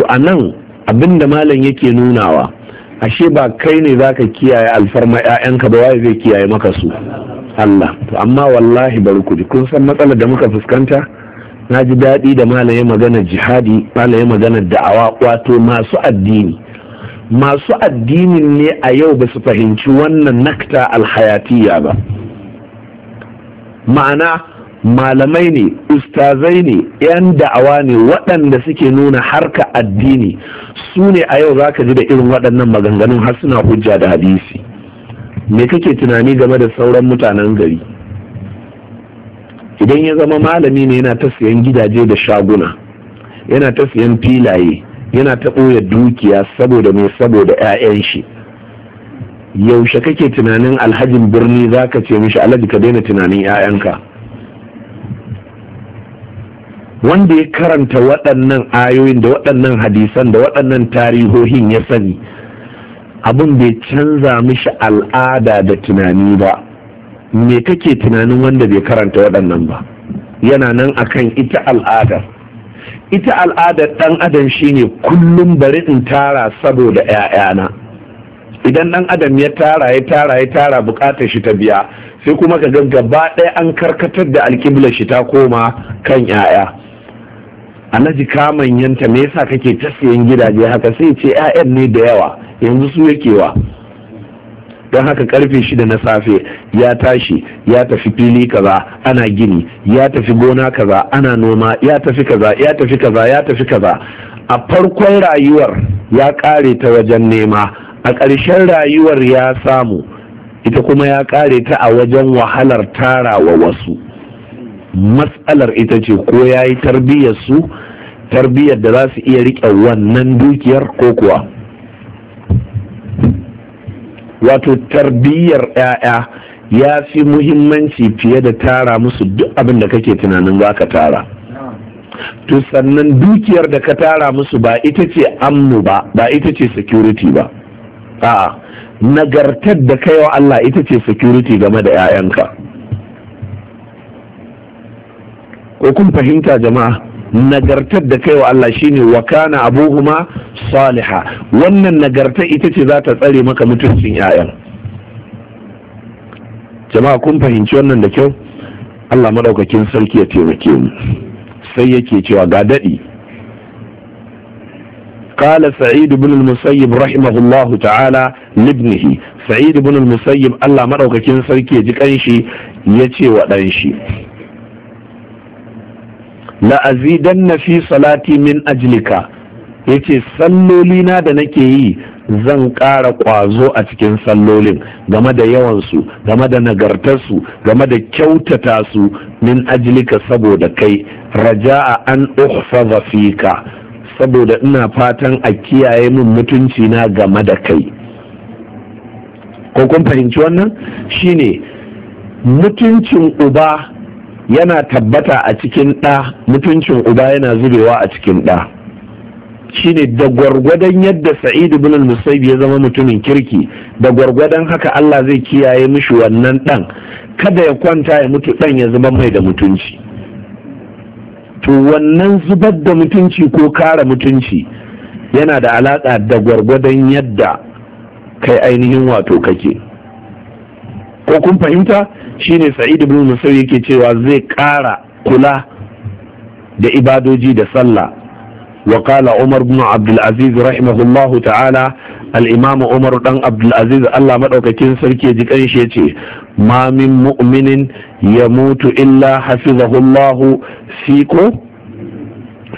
to a nan abinda malam yake nunawa ashe ba kai ne zaka kiyaye alfarma 'ya'yanka ba waye zai kiyaye maka su Allah to amma wallahi bari ku ji kun san matsalar da muka fuskanta na ji daɗi da Malam ya magana jihadi Malam ya magana da'awa wato masu addini masu addinin ne a yau ba su fahimci wannan nakta alhayatiya ba ma'ana malamai ne ustazai ne 'yan da'awa ne waɗanda suke nuna harka addini su ne a yau za ka ji da irin waɗannan maganganun har suna hujja da hadisi me kake tunani game da sauran mutanen gari idan ya zama malami ne yana ta siyan gidaje da shaguna yana ta siyan filaye yana ta ɓoye dukiya saboda mai saboda 'ya'yan shi yaushe kake tunanin alhajin birni za ka ce mishi alhaji ka daina tunanin 'ya'yanka wanda ya karanta waɗannan ayoyin da waɗannan hadisan da waɗannan tarihohin ya sani abin bai canza mishi al'ada da tunani ba me kake tunanin wanda bai karanta waɗannan ba yana nan akan ita al'ada. ita al'adar ɗan adam shine kullum bari in tara saboda 'ya'yana idan ɗan adam ya tara ya tara ya tara bukatar shi ta biya sai kuma ka gaba ɗaya an karkatar da alkiblar shi ta koma kan 'ya'ya alhaji kamun yanta me yasa kake ta siyan gidaje haka sai ce 'ya'yan ne da yawa yanzu su yake wa don haka karfe shida na safe ya tashi ya tafi fili kaza ana gini ya tafi gona kaza ana noma ya tafi kaza ya tafi kaza ya tafi kaza a farkon rayuwar ya kare ta wajen nema a ƙarshen rayuwar ya samu ita kuma ya kare ta a wajen wahalar tara wa wasu matsalar ita ce ko ya yi tarbiyyar su tarbiyyar da za su iya riƙe wannan dukiyar ko kuwa wato tarbiyyar 'ya'ya ya fi muhimmanci fiye da tara musu duk abin da kake tunanin za ka tara to sannan dukiyar da ka tara musu ba ita ce amnu ba ba ita ce security ba a'a nagartar da kai wa Allah ita ce security game da 'ya'yanka ko kun fahimta jama'a nagartar da kai wa Allah shine wa kana abuhuma saliha wannan nagarta ita ce za ta tsare maka mutuncin 'ya'yan jama'a kun fahimci wannan da kyau Allah madaukakin sarki ya taimake mu sai yake cewa ga daɗi قال سعيد بن المسيب رحمه الله تعالى لابنه سعيد بن المسيب الله sarki ya ji ya ce wa ɗan shi na fi salati min ajlika yace sallolina da nake yi zan ƙara ƙwazo a cikin sallolin game da yawansu game da nagartarsu game da kyautata su min ajilika saboda kai raja'a an uhfaza fika saboda ina fatan a kiyaye min mutunci na game da kai ko kun fahimci wannan shine mutuncin uba yana tabbata a cikin ɗa mutuncin uba yana zubewa a cikin ɗa shine da gwargwadon yadda Sa'idu ibn al ya zama mutumin kirki da gwargwadon haka Allah zai kiyaye mishi wannan ɗan kada ya kwanta ya mutu ɗan ya zama mai da mutunci to wannan zubar da mutunci ko kara mutunci yana da alaƙa da gwargwadon yadda kai ainihin wato kake ko kun fahimta shine sa'id ibn musawi yake cewa zai ƙara kula da ibadoji da sallah wa qala umar ibn abdul aziz rahimahullahu ta'ala al-imam umar dan abdul aziz Allah madaukakin sarki ji kanshi yace ma min mu'minin yamutu illa hafizahu Allah fi ko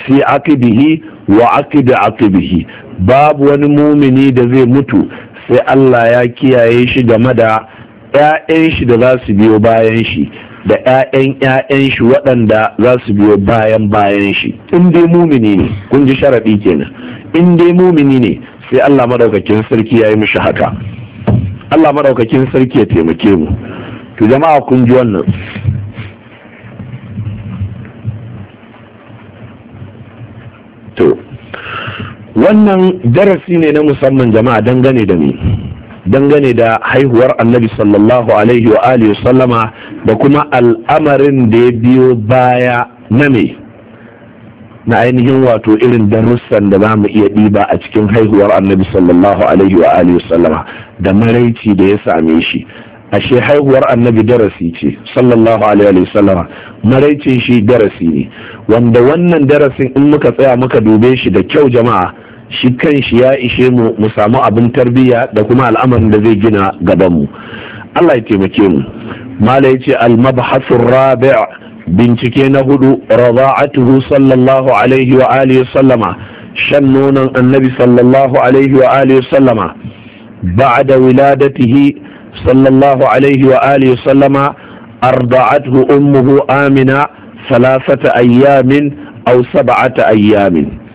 fi aqibihi wa aqib aqibihi babu wani mumini da zai mutu sai Allah ya kiyaye shi game da 'ya'yan shi da za su biyo bayan shi da 'ya'yan 'ya'yan shi waɗanda za su biyo bayan bayan shi in dai mumini ne kun ji sharaɗi kenan in dai mumini ne sai Allah madaukakin sarki ya yi mishi haka Allah madaukakin sarki ya taimake mu to jama'a kun ji wannan to wannan darasi ne na musamman jama'a dangane da ni dangane da haihuwar annabi sallallahu alaihi wa alihi sallama da kuma al'amarin da ya biyo baya na me na ainihin wato irin darussan da za mu iya ɗiba a cikin haihuwar annabi sallallahu alaihi wa alihi sallama da maraici da ya same shi ashe haihuwar annabi darasi ce sallallahu alaihi wa sallama maraicin shi darasi ne wanda wannan darasin in muka tsaya muka dube shi da kyau jama'a shi kan shi ya ishe mu mu samu abin tarbiyya da kuma al'amarin da zai gina gaban mu Allah ya taimake mu mala ya ce al-mabhathur rabi' bincike na hudu rada'atuhu sallallahu alaihi wa alihi sallama shan nonon annabi sallallahu alaihi wa alihi sallama ba'da wiladatihi sallallahu alaihi wa alihi sallama arda'atuhu ummuhu amina thalathata ayyamin aw sab'ata ayyamin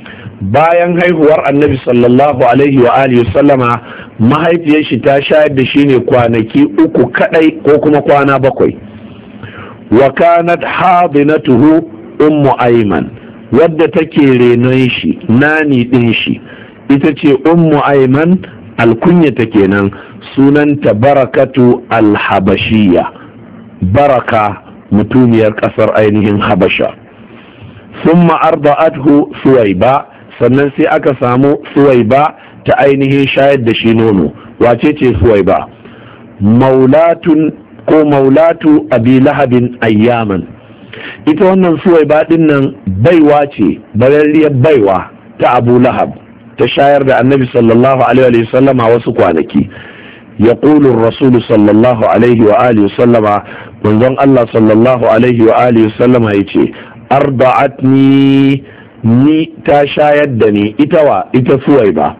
bayan haihuwar annabi sallallahu alaihi wa alihi sallama mahaifiyar shi ta shayar da shi ne kwanaki uku kadai ko kuma kwana bakwai wa kanat hadinatuhu ummu ayman wadda take renon shi nani din shi ita ce ummu ayman alkunyata kenan sunanta barakatu alhabashiya baraka mutumiyar kasar ainihin habasha ثم أرضعته Suwaiba. sannan sai aka samu suwaiba ta ainihin shayar da shi nono wace ce suwaiba maulatun ko maulatu abi lahabin ayyaman ita wannan suwaiba din nan baiwa ce bararriyar baiwa ta abu lahab ta shayar da annabi sallallahu alaihi wa sallama wasu kwanaki يقول الرسول صلى الله عليه وآله وسلم منذ الله صلى ni ta shayar da ni ita wa ita suwaiba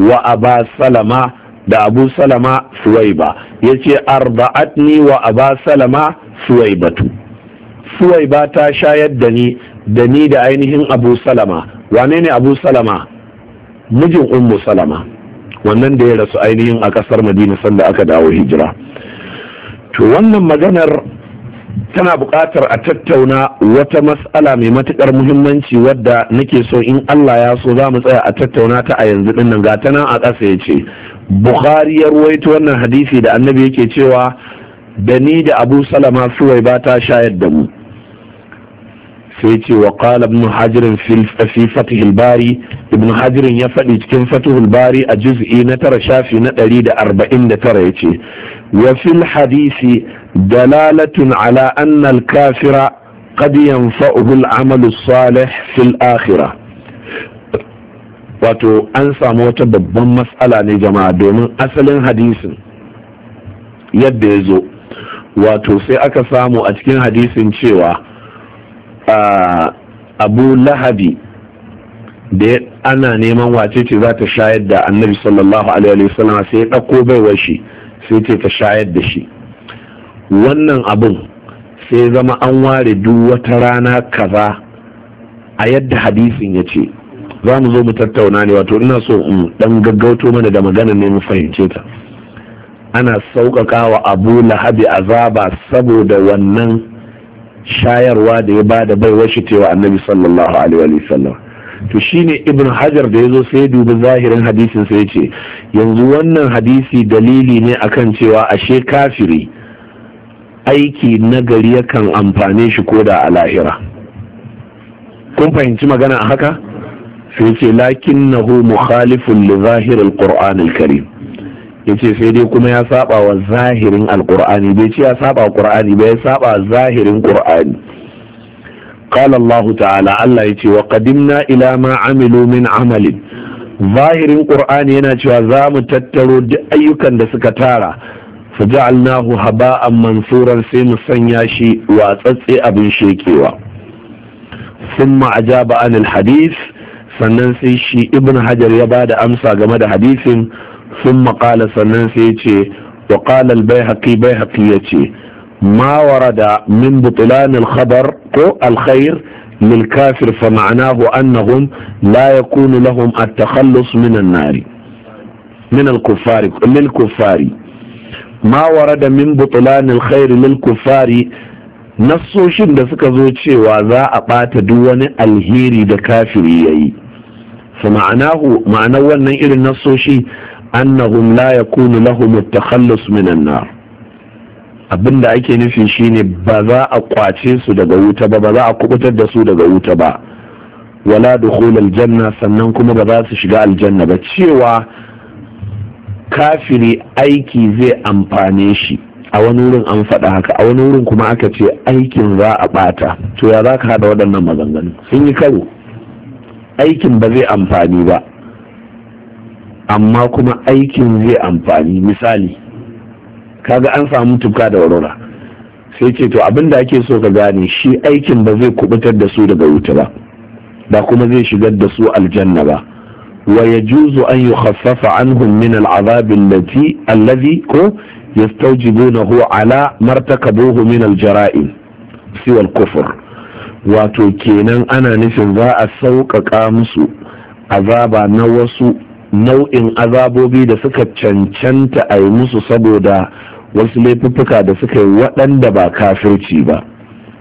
wa aba salama da abu salama suwaiba ya ce arba'atni wa aba salama suwai suwaiba ta shayar da ni da ni da ainihin abu salama wane ne abu salama mijin ummu salama wannan da ya rasu ainihin a kasar madina sanda aka dawo hijira to wannan maganar tana buƙatar a tattauna wata matsala mai matuƙar muhimmanci wadda nake so in Allah ya so za mu tsaya a tattauna ta a yanzu ɗin nan ta nan a ƙasa ya ce Bukhari ya ruwaito wannan hadisi da annabi yake cewa da ni da Abu Salama suwai ba ta shayar da mu sai ce wa qala ibn fi fatihul bari ibn hajirin ya faɗi cikin fatihul bari a juz'i na tara shafi na ɗari da arba'in da tara ya ce وفي الحديث دلالة على أن الكافر قد ينفعه العمل الصالح في الآخرة wato an samu wata babban matsala ne jama'a domin asalin hadisin yadda ya zo wato sai aka samu a cikin hadisin cewa abu lahabi da ana neman wace ce za ta shayar da annabi sallallahu alaihi wasallam sai ya ɗauko baiwar shi sai ce ta shayar da shi wannan abin sai zama an ware duk wata rana kaza a yadda hadisin ya ce za mu zo mu tattauna ne wato ina so in dan gaggauto mana da magana ne mu fahimce ta ana sauƙaƙa wa abu lahabi azaba saboda wannan shayarwa da ya ba da baiwar shi cewa annabi sallallahu alaihi wa sallam. to shine ibn hajar da ya zo sai dubi zahirin hadisin sai ce yanzu wannan hadisi dalili ne akan cewa ashe kafiri aiki na gari yakan amfane shi ko da a lahira kun fahimci magana a haka sai ce lakin na hu mukhalifun li zahirin qur'an karim ya ce sai dai kuma ya saba wa zahirin alƙur'ani bai ce ya saba ƙur'ani ba ya saba zahirin ƙur'ani qala ta'ala Allah yace wa qadimna ila ma amalin zahirin qur'ani yana cewa za mu tattaro duk ayyukan da suka tara faja'alnahu haba'an mansuran sai mu sanya shi abin shekewa sannan sai shi ibn hajar ya ba da amsa game da hadisin sun maƙala sannan sai ce wa ce ما ورد من بطلان الخبر الخير للكافر فمعناه أنهم لا يكون لهم التخلص من النار من الكفار للكفار ما ورد من بطلان الخير للكفار nassoshin da suka zo cewa za a ɓata duk wani alheri da kafiri yayi yi ma'ana wannan irin nassoshi annahum la yakunu lahum at-takhallus an nar abin da ake nufi shine ba za a kwace su daga wuta ba ba za a kubutar da su daga wuta ba wala dukhul aljanna sannan kuma ba za su shiga aljanna ba cewa kafiri aiki zai amfane shi a wani wurin an faɗa haka a wani wurin kuma aka ce aikin za a ɓata to ya za ka haɗa waɗannan maganganu sun yi karo aikin ba zai amfani ba amma kuma aikin zai amfani misali kaga an samu tuka da warwara sai ce to abin da ake so ka gane shi aikin ba zai kubutar da su daga wuta ba ba kuma zai shigar da su aljanna ba wa juzu an yukhaffafa anhum min al'azab allati allazi ko yastawjibunahu ala martakabuhu min al-jara'im siwa al wato kenan ana nufin za a sauƙaƙa musu azaba na wasu nau'in azabobi da suka cancanta a yi musu saboda wasu laifuffuka da suka yi waɗanda ba kafirci ba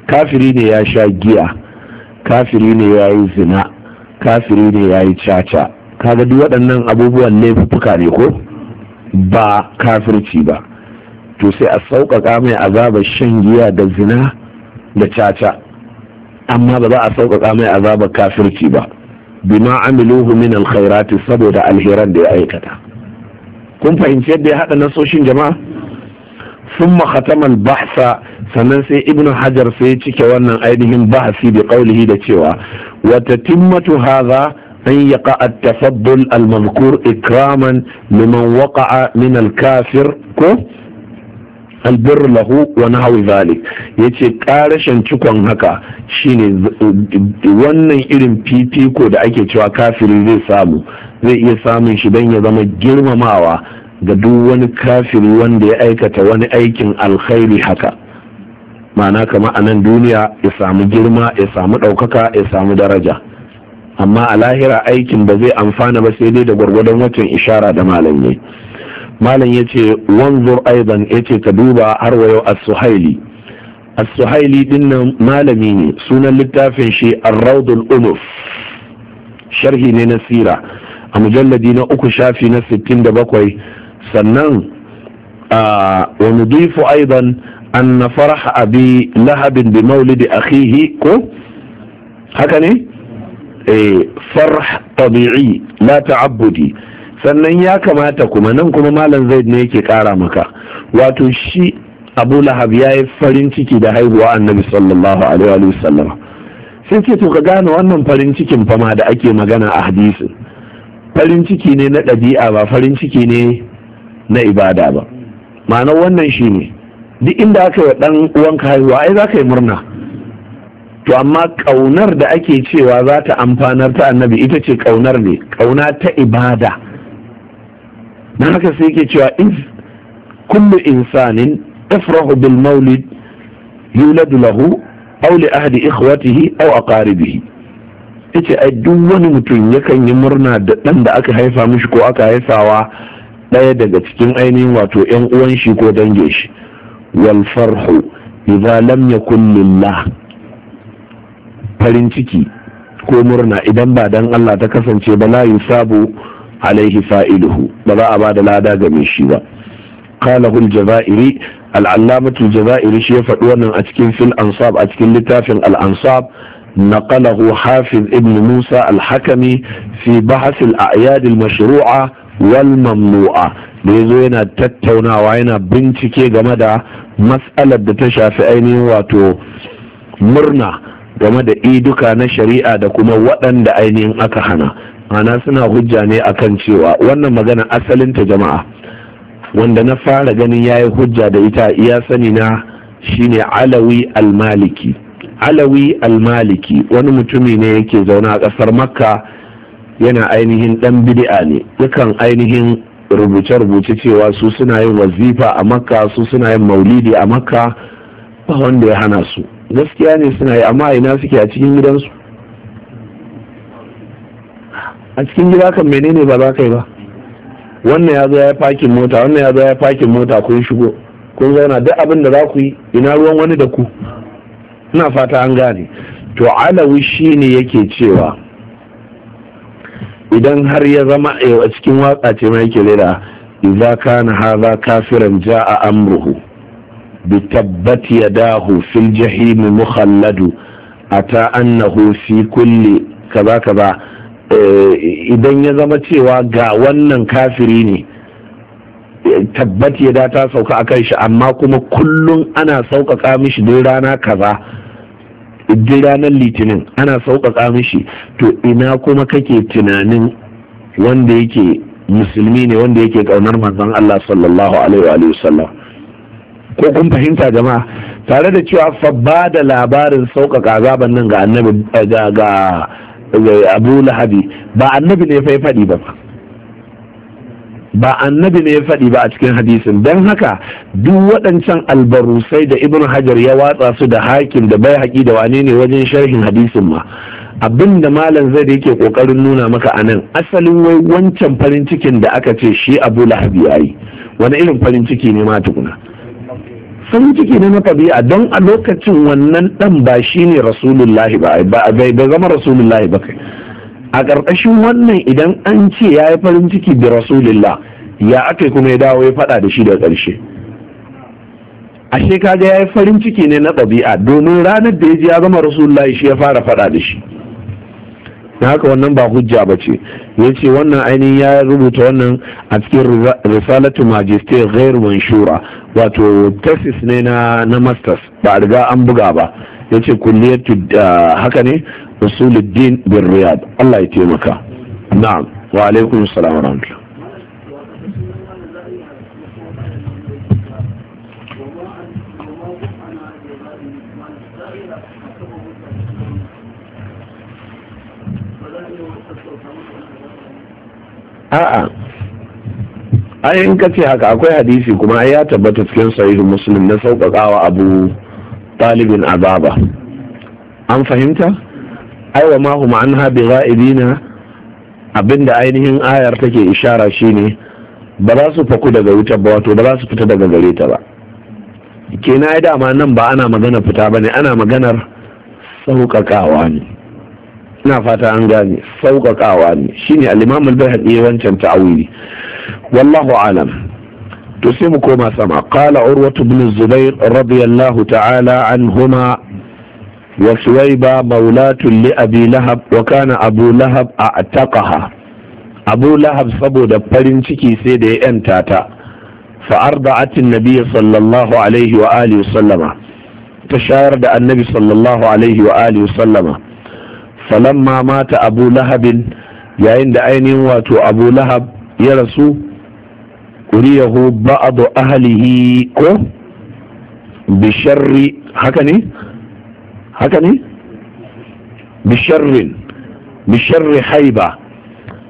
kafiri ne ya sha giya kafiri ne ya yi zina kafiri ne ya yi caca kaga duk waɗannan abubuwan laifuffuka ne ko ba kafirci ba to sai a sauƙaƙa mai azabar shan giya da zina da caca amma ba za a sauƙaƙa mai azabar kafirci ba bima amiluhu min alkhairati saboda alheran da ya aikata kun fahimci yadda ya haɗa nasoshin jama'a sun khatamal bahsa sannan sai ibnu hajar sai cike wannan ainihin bahasi bi qawlihi da cewa wa tatimmatu hadha أن يقع التفضل Ikraman, إكراما Waqa'a, وقع من الكافر كو albir lahu wa nahawi zalik yace karashin cikon haka shine wannan irin fifiko da ake cewa kafiri zai samu zai iya samun shi dan ya zama girmamawa ga duk wani kafiri wanda ya aikata wani aikin alkhairi haka ma'ana kama a nan duniya ya samu girma ya samu ɗaukaka ya samu daraja amma a lahira aikin ba zai amfana ba sai dai da gwargwadon watan ishara da malam ne malam ya ce wanzur aidan ya ce ka duba har wayo as-suhaili as-suhaili din nan malami ne sunan littafin shi ar-raudul sharhi ne na sira a mujalladi na uku shafi na 67 sannan wa nudifu aidan na farah abi lahabin bi maulidi akhihi ko haka ne eh, farh tabi'i la ta'abbudi sannan ya kamata kuma nan kuma malam zaid ne yake kara maka wato shi abu lahab ya yi farin ciki da haihuwa annabi sallallahu alaihi wa sallam sai ce to ka gane wannan farin cikin fama da ake magana a hadisin farin ciki ne na ɗabi'a ba farin ciki ne na ibada ba ma'anar wannan shi ne. duk inda aka yi dan uwanka haihuwa ai za ka yi murna to amma kaunar da ake cewa za ta amfanar ta annabi ita ce kaunar ne kauna ta ibada Na haka sai ke cewa in kullu insanin tafrahu bil maulid yuladu lahu aw li ahdi ikhwatihi aw aqaribihi ita ai duk wani mutum yakan yi murna da dan da aka haifa mishi ko aka haifawa ɗaya daga cikin ainihin wato yan uwan shi ko dangin shi wal farhu idza lam yakun lillah farin ciki ko murna idan ba dan Allah ta kasance ba la yusabu alaihi fa'iluhu ba za a ba da lada game shi ba Qala al-jazairi al-allamatu jazairi shi ya faɗi wannan a cikin fil ansab a cikin littafin al-ansab نقله حافظ ابن موسى الحكمي في بحث الأعياد المشروعة wal mamnu'a da ya zo yana tattaunawa yana bincike game da matsalar da ta shafi ainihin wato murna game da iduka na shari'a da kuma waɗanda ainihin aka hana ana suna hujja ne akan cewa wannan magana asalinta jama'a wanda na fara ganin ya yi hujja da ita iya sani na shine alawi almaliki alawi almaliki wani mutumi ne yake zauna a ƙasar makka yana ainihin dan bid'a ne dukan ainihin rubuce-rubuce cewa su suna yin wazifa a makka su suna yin maulidi a makka ba wanda ya hana su gaskiya ne suna yi amma ina suke a cikin gidansu a cikin gida kan menene ba za ka yi ba wannan ya zo ya fakin mota wannan ya zo ya fakin mota kun shigo kun zauna duk abin da za ku yi ina ruwan wani da ku ina fata an gane to alawi shine yake cewa idan har ya zama eh, a cikin waka ce mai yake lera idza kana hadha kafiran jaa amruhu bi tabbat yadahu fil jahim mukhalladu ata annahu fi kulli kaza kaza eh, idan ya zama cewa ga wannan kafiri ne eh, tabbat ya da ta sauka akan shi amma kuma kullum ana sauƙaƙa mishi duk rana kaza duk ranar litinin ana sauƙaƙa mishi to ina kuma kake tunanin wanda yake musulmi ne wanda yake ƙaunar manzon Allah sallallahu alaihi wa sallam ko kun fahimta jama'a tare da cewa fa ba da labarin sauƙaƙa azaban nan ga annabi ga abu lahabi ba annabi ne fai faɗi ba ba annabi ne ya faɗi ba a cikin hadisin don haka duk waɗancan albarusai da ibn hajar ya watsa su da hakim da bai haƙi da wane ne wajen sharhin hadisin ma abin da malam zai da yake ƙoƙarin nuna maka a nan asalin wai wancan farin cikin da aka ce shi abu lahabi ya yi wani irin farin ciki ne ma tukuna farin ciki ne maka biya don a lokacin wannan ɗan ba shi ne rasulullahi ba bai zama rasulullahi ba kai a ƙarƙashin wannan idan an ce ya yi farin ciki da rasulillah ya aka kuma ya dawo ya faɗa da shi da ƙarshe A kaga ya yi farin ciki ne na ɗabi'a domin ranar da ya ji ya zama rasulullah shi ya fara faɗa da shi na haka wannan ba hujja ba ce ya ce wannan ainihin ya rubuta wannan a cikin risalatu majiste ghair manshura wato tesis ne na masters ba a riga an buga ba ya ce kulliyatu ah, haka ne din bin riyad Allah ya taimaka na'am wa alaikum salam wa a'a ai in ka ce haka akwai hadisi kuma ya tabbata cikin sahihu muslim na sauƙaƙawa abu talibin azaba an fahimta aiwa ma huma an ha bigha'ibina abinda ainihin ayar take ishara shine ba za su faku daga wutar ba wato ba za su fita daga gare ta ba kenan ai dama nan ba ana magana fita bane ana maganar saukakawa ne ina fata an gane saukakawa ne shine al-imam al-bayhaqi wancan ta'awili wallahu alam to sai mu koma sama qala urwatu ibn zubair radiyallahu ta'ala anhuma wa suwaiba maulatun li abi lahab wa kana a ataqaha Abulahab saboda farin ciki sai da ya yanta ta fa arba'atin nabiy sallallahu alaihi wa sallama ta shayar da annabi sallallahu alaihi wa sallama falamma mata abu lahabin yayin da ainihin wato Abulahab, ya rasu kuriyahu ba'adu ahlihi ko bisharri haka ne haka ne? bisharrin bisharri haiba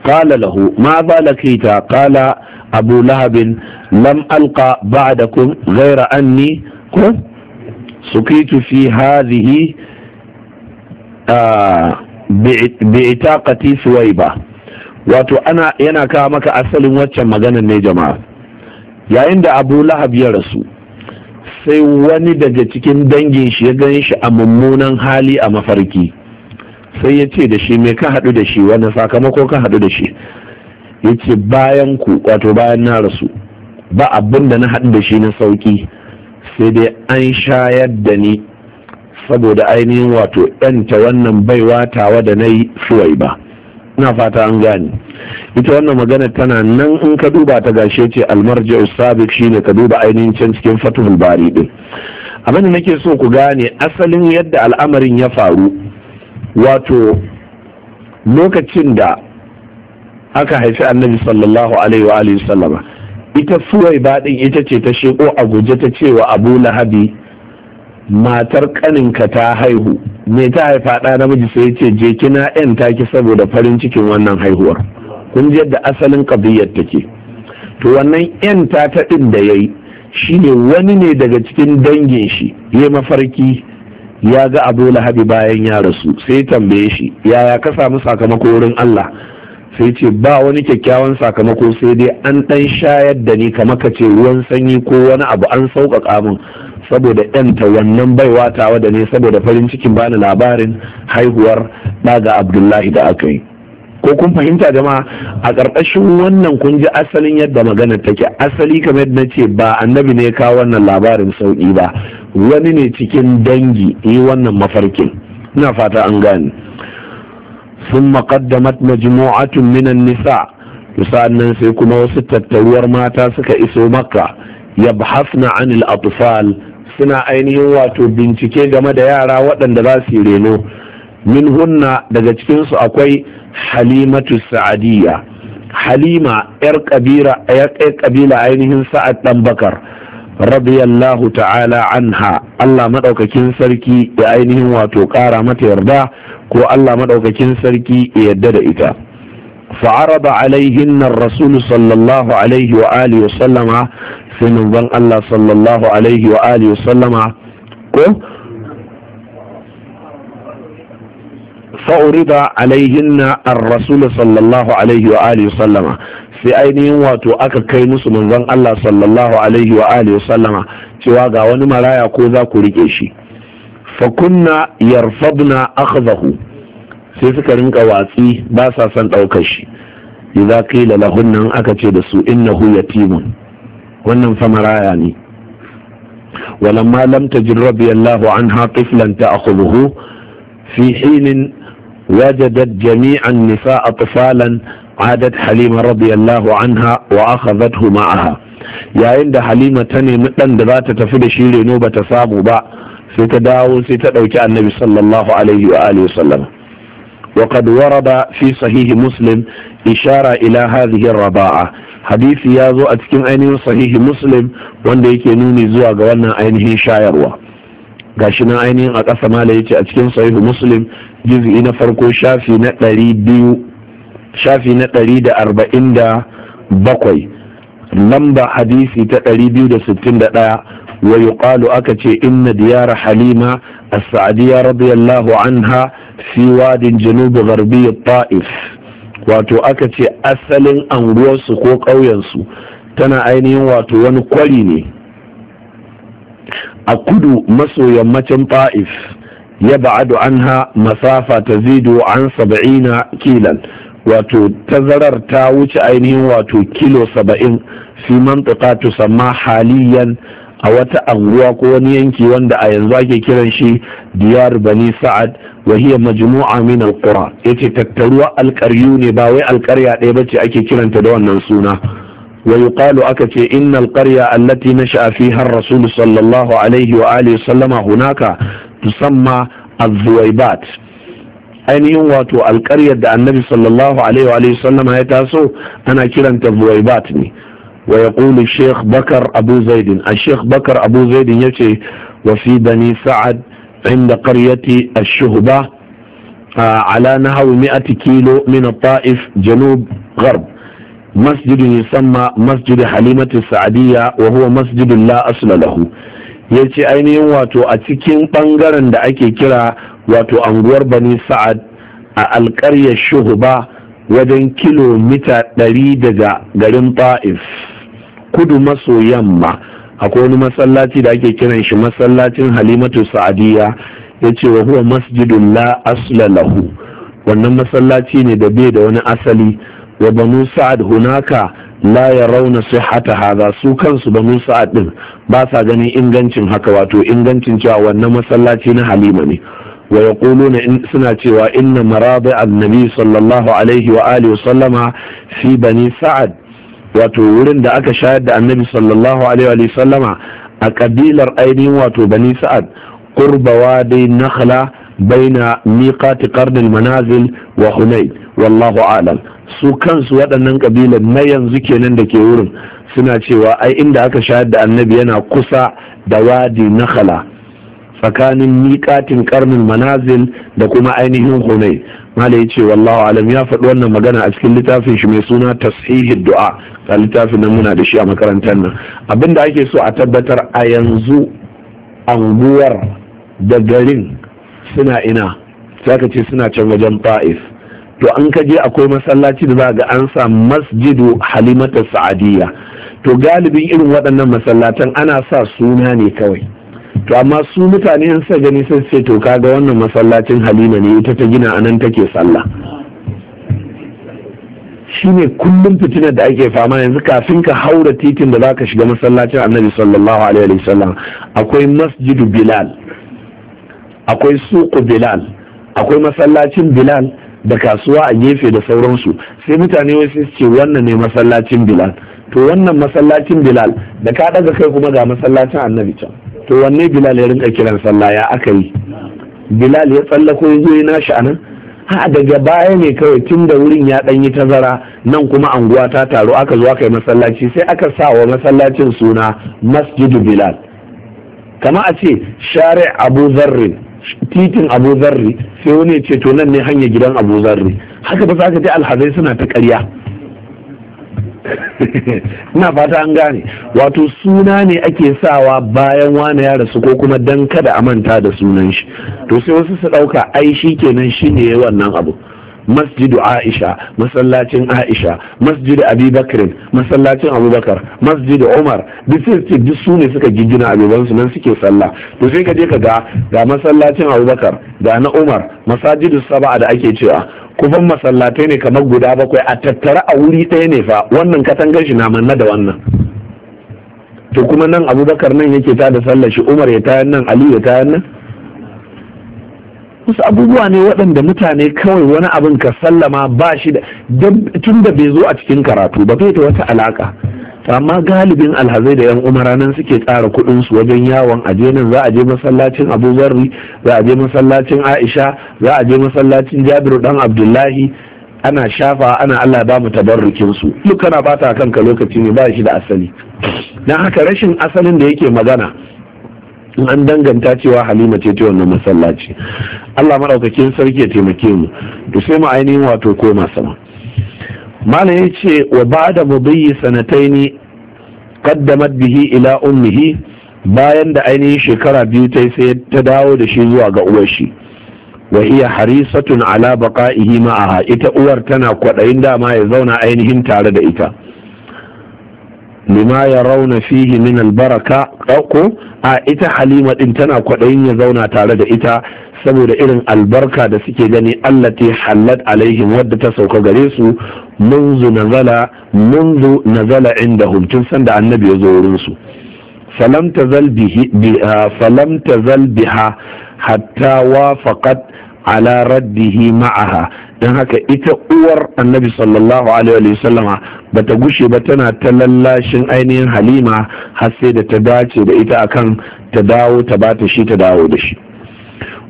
kala lahu ma ba lakita kala abu lahabin lam alka ba da kun gaira an ni ko su kitu fi hadhihi bi itaqati ba wato ana yana kawo maka asalin waccan maganar ne jama'a yayin da abu lahab ya rasu sai wani daga cikin dangin shi ya gan shi a mummunan hali a mafarki sai ya ce da shi me ka haɗu da shi wani sakamako ka haɗu da shi ya ce bayan ku wato bayan na rasu ba abin da na haɗu da shi na sauki sai dai an shayar da ni saboda ainihin wato ɗanta wannan baiwa tawa da na yi suwai ba na fata an gane ita wannan magana tana nan in ka duba ta gashe ce almarja sabiq shine ka duba ainihin can cikin fatuhul bari din abin da nake so ku gane asalin yadda al'amarin ya faru wato lokacin da aka haifi annabi sallallahu alaihi wa alihi sallama ita suwai baɗin ita ce ta sheko a guje ta cewa abu lahabi matar kaninka ta haihu me ta haifa ɗa namiji sai ce je kina yan taki saboda farin cikin wannan haihuwar kun ji yadda asalin kabiyar take to wannan yan ta ta ɗin da yayi shine wani ne daga cikin dangin shi ya mafarki ya ga abu lahabi bayan ya rasu sai tambaye shi yaya ka samu sakamako wurin Allah sai ce ba wani kyakkyawan sakamako sai dai an ɗan shayar da ni kamar ka ce ruwan sanyi ko wani abu an sauƙaƙa min saboda yanta wannan baiwa tawa da ne saboda farin cikin bani labarin haihuwar ɗaga abdullahi da aka yi ko kun fahimta jama'a a ƙarƙashin wannan kun ji asalin yadda maganar take asali kamar yadda ce ba annabi ne kawo wannan labarin sauƙi ba wani ne cikin dangi yi eh, wannan mafarkin ina fata an gane ثم قدمت مجموعة nisa, sa'an nan sai kuma wasu tattaruwar mata suka iso makka yabhasna anil atfal suna ainihin wato bincike game da yara waɗanda za su yi reno min hunna daga cikinsu akwai halimatu sa'adiyya halima 'yar kabila ainihin sa'ad ɗan bakar radiyallahu ta'ala anha Allah maɗaukakin sarki ya ainihin wato ƙara mata yarda ko Allah maɗaukakin sarki ya yarda da ita fa'araba alaihin nan rasulu sallallahu alaihi wa alihi wa sallama sai manzon Allah sallallahu alaihi wa alihi wa sallama ko fa'urida alaihinna ar-rasul sallallahu alaihi wa alihi wa sallama sai ainihin wato aka kai musu manzon Allah sallallahu alaihi wa alihi wa sallama cewa ga wani maraya ko za ku rike shi fa kunna yarfadna akhdahu sai suka rinka watsi ba sa son ɗaukar shi idza qila lahunna aka ce da su innahu yatimun wannan famaraya ne ولما لم تجد رضي الله عنها طفلا تأخذه في حين وجدت جميع النساء طفالا عادت حليمة رضي الله عنها وأخذته معها يا عند حليمة تني مدن دبات تفيد شيري نوبة تصابوا با ستداو ستدوك النبي صلى الله عليه وآله وسلم وقد ورد في صحيح مسلم ishara ila hadhihi raba'a hadisi ya zo a cikin ainihin sahihi muslim wanda yake nuni zuwa ga wannan ainihin shayarwa gashi nan ainihin a ƙasa mala yace a cikin sahihi muslim juz'i na farko shafi na ɗari biyu shafi na ɗari da arba'in da bakwai lamba hadisi ta ɗari biyu da sittin da ɗaya wa yuqalu aka ce inna diyara halima as Sadiya radiyallahu anha fi wadin gharbi ta'if wato aka ce asalin anguwarsu ko ƙauyensu tana ainihin wato wani kwari ne a kudu maso yammacin fa'if ya ba'adu ha masafa ta zido an saba'ina kilan wato tazarar ta wuce ainihin wato kilo saba'in fi mantuka tusamma haliyan a wata anguwa ko wani yanki wanda a yanzu ake kiran shi diyar bani sa'ad wa hiya majmu'a min alqura yace tattaruwa alqaryu ne ba wai alqarya ɗaya bace ake kiranta da wannan suna wa yuqalu aka ce inna alqarya allati nasha'a fiha ar-rasul sallallahu alaihi wa alihi sallama hunaka tusamma az-zuwaibat ainihin wato alƙaryar da annabi sallallahu alaihi wa alihi sallama ya taso ana kiranta zuwaibat ne wa ya ƙuli bakar abu a sheikh bakar abu zaidin ya ce wa bani sa'ad inda ƙaryati a shuhba ala na hau mi'ati kilo min ta'if janub gharb مسجد يسمى masjid حليمة السعدية وهو مسجد لا أصل له yace ainihin wato a cikin ɓangaren da ake kira wato anguwar bani sa'ad a alƙaryar shuhuba wajen kilomita ɗari daga garin ta'if kudu maso yamma akwai wani masallaci da ake kiran shi masallacin halimatu sa'adiyya ya ce wa huwa masjidun la asla lahu wannan masallaci ne da bai da wani asali wa banu sa'ad hunaka la ya rauna sihata haza su kansu banu sa'ad din ba sa ganin ingancin haka wato ingancin cewa wannan masallaci na halima ne wa yaquluna suna cewa inna maradi annabi sallallahu alaihi wa alihi wa sallama fi bani sa'ad wato wurin da aka shayar da annabi sallallahu alaihi sallama a kabilar ainihin wato bani sa'ad qurbawa dai nakhla baina miqati qarnil manazil wa hunai. wallahu a'lam su kansu waɗannan kabilar na yanzu kenan da ke wurin suna cewa ai inda aka shayar da annabi yana kusa da wadi nakhla tsakanin miƙatin ƙarnin manazil da kuma ainihin hunai malai ya ce wallahu alam ya faɗi wannan magana a cikin littafin shi mai suna tasihid du'a a littafin nan muna da shi a makarantar nan da ake so a tabbatar a yanzu anguwar da garin suna ina zaka ce suna can wajen fais to an kaje akwai masallaci da za ga an sa masjidu halimata sa'adiyya to galibin irin waɗannan masallatan ana sa suna ne kawai to amma su mutane in sa gani sai ce to kaga wannan masallacin halima ne ita ta gina anan take sallah shine kullum fitina da ake fama yanzu kafin ka haura titin da zaka shiga masallacin annabi sallallahu alaihi wa sallam. akwai masjidu bilal akwai suku bilal akwai masallacin bilal da kasuwa a gefe da sauransu sai mutane wasu ce wannan ne masallacin bilal to wannan masallacin bilal da ka daga kai kuma ga masallacin annabi can to wanne bilal ya rinka kiran sallah ya aka yi bilal ya tsallako ya zo ya nashi anan a daga baya ne kawai tun da wurin ya yi tazara nan kuma anguwa ta taru aka zo aka yi masallaci sai aka sa wa masallacin suna masjidu bilal kama a ce share abu zarri titin abu zarri sai wani ce to nan ne hanyar gidan abu zarri haka ba za ka ji alhazai suna ta karya (laughs) ina fata an gane wato suna ne ake sawa bayan wane ya rasu ko kuma dan kada a manta da sunan shi to sai wasu su ɗauka ai shi kenan shi ne wannan abu masjidu aisha masallacin aisha masjidu abubakar masallacin abubakar masjidu umar duk duk su ne suka gigina abubansu nan suke sallah to sai ka je ka ga ga masallacin abubakar ga na umar masajidu saba'a da ake cewa kusan masallatai ne kamar guda bakwai a tattara a wuri ɗaya ne fa wannan katangar shi na manna da wannan to kuma nan abubakar nan yake ta da sallar shi umar ya tayan nan aliyu ya tayan nan wasu abubuwa ne waɗanda mutane kawai wani abin ka sallama ba shi da tun da bai zo a cikin karatu ba bai da wata alaƙa. amma galibin alhazai da yan umara nan suke tsara kuɗin su wajen yawon aje nan za a je masallacin abu zarri za a je masallacin aisha za a je masallacin jabiru dan abdullahi ana shafa ana allah ba mu tabarrukin su duk kana bata kanka lokaci ne ba shi da asali dan haka rashin asalin da yake magana in an danganta cewa halima ce ta wannan masallaci allah maɗaukakin sarki ya taimake mu to sai mu ainihin wato koma sama malam ya ce wa ba da sanatai sanataini kaddamat bihi ila ummihi bayan da ainihin shekara biyu ta sai ta dawo da shi zuwa ga uwar shi wa iya harisatun ala baqa'ihi ma'aha ita uwar tana kwaɗayin dama ya zauna ainihin tare da ita lima ya rauna fihi min albaraka ko a ita halima din tana kwaɗayin ya zauna tare da ita saboda irin albarka da suke gani allati hallat alaihim wadda ta sauka gare su munzu nazala munzu nazala inda tun sanda annabi ya zo wurin su falam tazal ah, biha hatta wafaqat ala raddihi ma'aha don haka ita uwar annabi sallallahu alaihi wa sallama bata gushe ba tana ta lallashin ainihin halima har sai da ta dace da ita akan ta dawo ta bata shi ta dawo da shi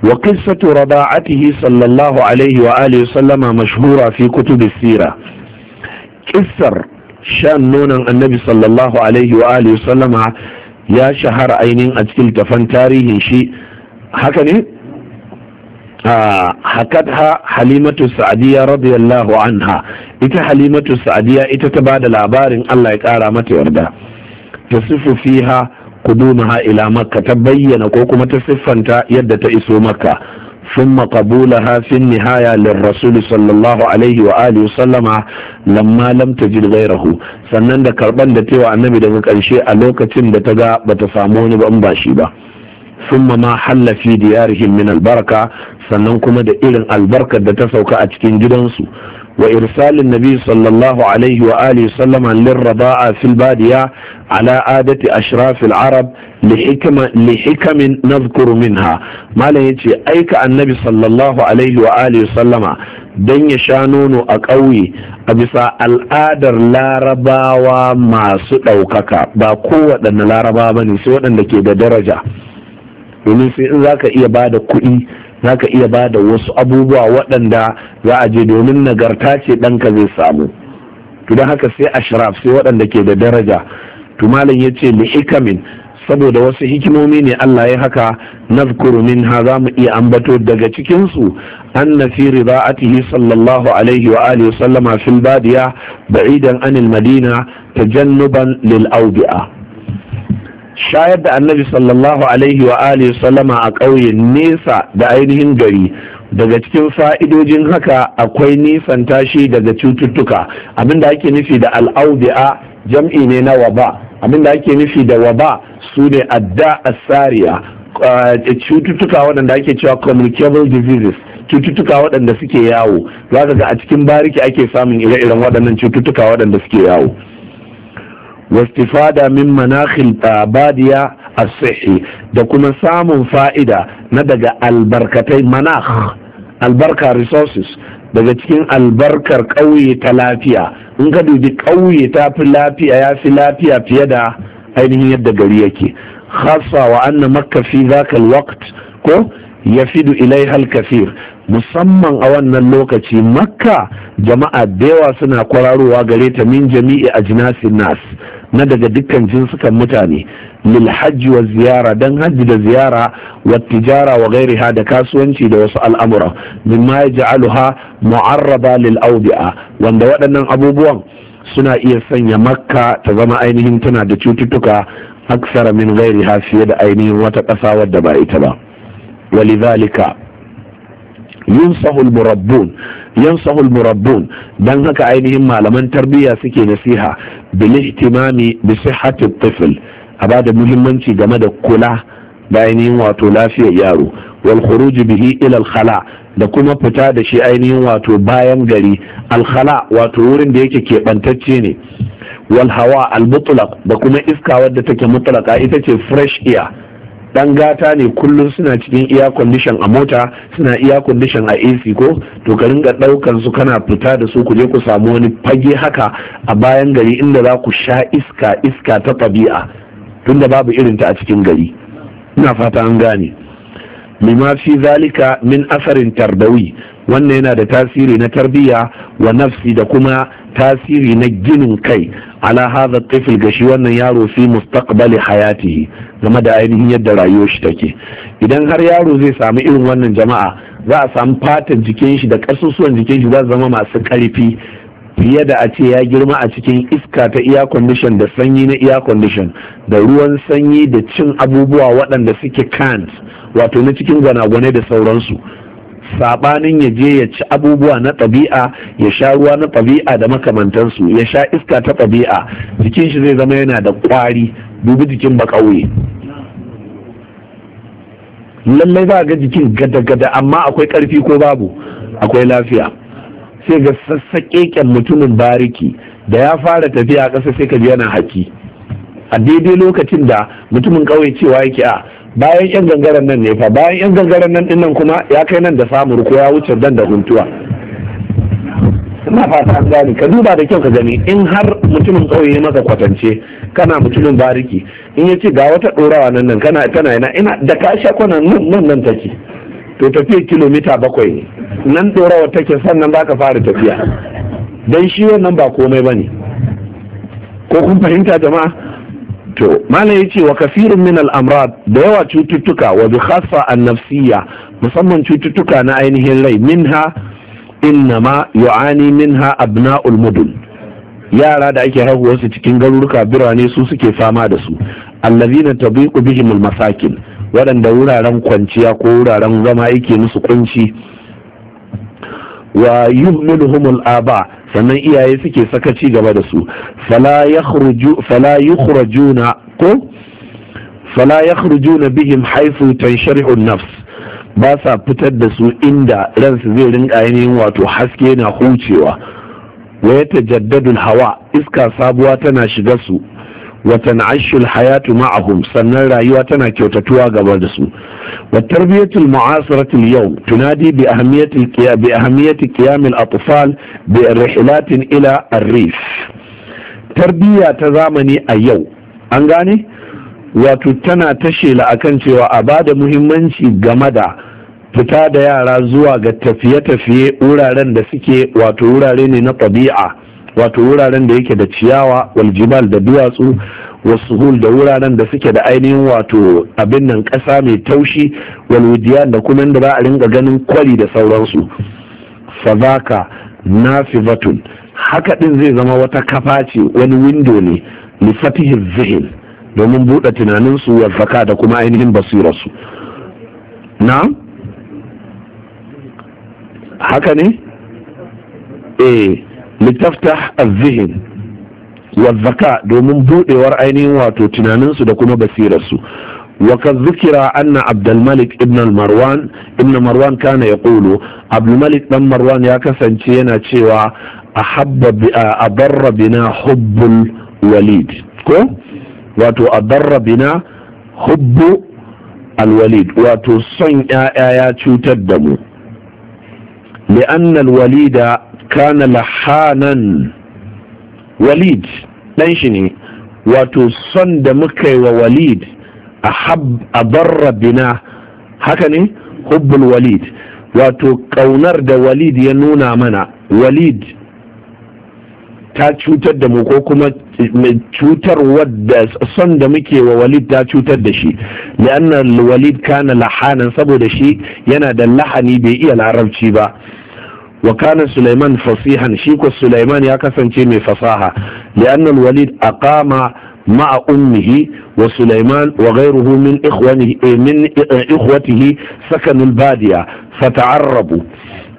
wa qissatu rada'atihi sallallahu alaihi wa alihi sallama mashhura fi sira shan nonon annabi sallallahu alaihi wa alihi sallama ya shahara ainihin a cikin tafan tarihin shi haka ne ha halimatu sa'adiyya radiyallahu anha ita halimatu sa'adiyya ita ta bada labarin Allah ya kara mata yarda ta sifu fiha kudumaha ila makka ta bayyana ko kuma ta siffanta yadda ta iso makka ثم قبولها في النهاية للرسول صلى alaihi عليه وآله وسلم lamma لم تجد غيره sannan da karban da wa annabi daga ƙarshe a lokacin da ta ga bata samu wani ba ba shi ba summa ma halla fi diyarihim min albaraka sannan kuma da irin albarkar da ta sauka a cikin gidansu wa irsalin nabi sallallahu alaihi wa alihi sallama lirrada'a fil badiya ala adati ashrafil arab li hikamin nazkuru minha malam yace aika annabi sallallahu alaihi wa alihi sallama dan ya sha nono a ƙauye a bisa al'adar larabawa masu ɗaukaka ba kowaɗanne larabawa ba ne sai waɗanda ke da daraja domin sai in za ka iya ba da kuɗi za ka iya ba da wasu abubuwa waɗanda za a je domin nagarta ce ɗanka zai samu to don haka sai ashraf sai waɗanda ke da daraja to malam ya ce li hikamin saboda wasu hikimomi ne Allah ya haka nazkuru minha za mu iya ambato daga cikinsu an na fi rida'atihi sallallahu alaihi wa alihi sallama fil badiya ba'idan anil madina tajannuban lil aubi'a shayar da annabi sallallahu alaihi wa alihi sallama a ƙauyen nesa da ainihin gari daga cikin fa'idojin haka akwai nisan tashi daga cututtuka abinda ake nufi da al'aubi'a jam'i ne na waba abinda ake nufi da waba su ne adda asariya eh, cututtuka waɗanda ake cewa communicable diseases cututtuka waɗanda suke yawo za ga a cikin bariki ake samun ire-iren waɗannan cututtuka waɗanda suke yawo wastifada min manakhil tabadiya as da kuma samun fa'ida na daga albarkatai manakh albarka resources daga cikin albarkar ƙauye ta lafiya in ka dubi ƙauye ta fi lafiya ya fi lafiya fiye da ainihin yadda gari yake khasa wa anna makka fi zaka alwaqt ko yafidu ilaiha alkathir musamman a wannan lokaci makka jama'a da yawa suna kwararowa gare ta min jami'i ajnasin nas na daga dukkan jinsukan mutane lil hajji wa ziyara dan hajji da ziyara wa tijara wa gairiha da kasuwanci da wasu al'amura mimma ya ja'aluha mu'arraba lil aubi'a wanda waɗannan abubuwan suna iya sanya makka ta zama ainihin tana da cututtuka aksara min gairiha fiye da ainihin wata ƙasa wadda ba ita ba walidhalika yunsahu al-murabbun yansahu al-murabbun dan haka ainihin malaman tarbiyya suke nasiha bil ihtimami bi sihhati tifl a bada muhimmanci game da kula da ainihin wato lafiyar yaro wal khuruj bihi ila khala da kuma fita da shi ainihin wato bayan gari al khala wato wurin da yake keɓantacce ne walhawa al mutlaq da kuma iska wadda take mutlaqa ita ce fresh air dan gata ne kullum suna cikin iya kwandishan a mota suna iya kwandishan a AC ko to ka ringa daukar su kana fita da su ku je ku samu wani fage haka a bayan gari inda za ku sha iska iska ta tabi'a tunda babu irin ta a cikin gari ina fata an gane mimafi zalika min asarin tardawi wannan yana da tasiri na tarbiyya wa nafsi da kuma tasiri na ginin kai ala hadha tifl ga shi wannan yaro fi mustaqbali hayati game da ainihin yadda rayuwar shi take idan har yaro zai samu irin wannan jama'a za a samu fatan jikin shi da kasusuwan jikin shi za su zama masu karfi fiye da a ce ya girma a cikin iska ta iya condition da sanyi na iya condition da ruwan sanyi da cin abubuwa waɗanda suke kant wato na cikin gwanagwane da sauransu Saɓanin ya je ya ci abubuwa na ɗabi'a ya sha ruwa na ɗabi'a da makamantansu ya sha iska ta ɗabi'a jikin shi zai zama yana da ƙwari dubi jikin ba ƙauye lallai za a ga jikin gada-gada amma akwai ƙarfi ko babu akwai lafiya sai ga sassaƙeƙen mutumin bariki da ya fara tafiya ƙasa sai ka ji yana haki a daidai lokacin da mutumin ƙauye cewa yake a bayan yan gangaren nan ne fa bayan yan gangaren nan dinnan kuma ya kai nan da samun ko ya wuce dan da huntuwa ina fata an gane ka duba da kyau ka gani in har mutumin ƙauye ya maka kwatance kana mutumin bariki in yace ga wata ɗorawa nan nan kana tana ina ina da ka sha kwana nan nan nan take to tafiya kilomita bakwai ne nan dorawa take sannan baka fara tafiya dan shi wannan ba komai bane ko kun fahimta jama'a to malam yace wa kafirin min al da yawa cututtuka wa bi khassa an-nafsiyya musamman cututtuka na ainihin rai minha innama yu'ani minha abna'ul mudun yara da ake haihuwar su cikin garuruka birane su suke fama da su allazina tabiqu bihim al-masakin waɗanda wuraren kwanciya ko wuraren zama yake musu kunci wa yuhmiluhum al-aba sannan iyaye suke sakaci gaba da su fala yakhrujuna ko fala yakhrujuna bihim haythu tansharihu nafs ba sa fitar da su inda ransu zai rinka ainihin wato haske na hucewa wa ya tajaddadul hawa iska sabuwa tana shiga su Watan tan'ashul hayatu ma'ahum sannan rayuwa tana kyautatuwa gaba da su wa tarbiyatul mu'asiratul yau tunadi bi ahamiyatil bi ahamiyati qiyamil atfal bi rihlatin ila arrif. rif tarbiyya ta zamani a yau an gane wato tana tashe shela akan cewa a bada muhimmanci game da fita da yara zuwa ga tafiye-tafiye wuraren da suke wato wurare ne na ɗabi'a wato wuraren da yake da ciyawa waljibal da duwatsu wasu hul da wuraren da suke da ainihin wato abin nan ƙasa mai taushi walwudiyan da kuma da za a ringa ganin kwari da sauransu fazaka nafivatun haka din zai zama wata kafa ce wani windo ne lifatihi zihin domin buɗe tunaninsu zaka da kuma ainihin basirarsu na haka ne eh litaftah azzihin wazaka, domin buɗewar ainihin wato tunaninsu da kuma basirarsu wa ka anna abdulmalik ibn marwan kana ya ƙulu abdulmalik ɗan marwan ya kasance yana cewa a habba hubbul walid wato alwalid wato son ya'ya ya cutar da mu li'annal walida kana lahanan walid ɗan shi ne wato son da muka yi wa walid a barra bina haka ne hubbul walid wato ƙaunar da walid ya nuna mana walid ta cutar da mu ko kuma cutar wadda son da muke wa walid ta cutar da shi da walid kana lahanan saboda shi yana da lahani bai iya larabci ba wa kana Sulaiman fasihan shi ko Sulaiman ya kasance mai fasaha li'anna al-walid aqama مع أمه وسليمان وغيره من إخوانه من إخوته سكنوا البادية فتعربوا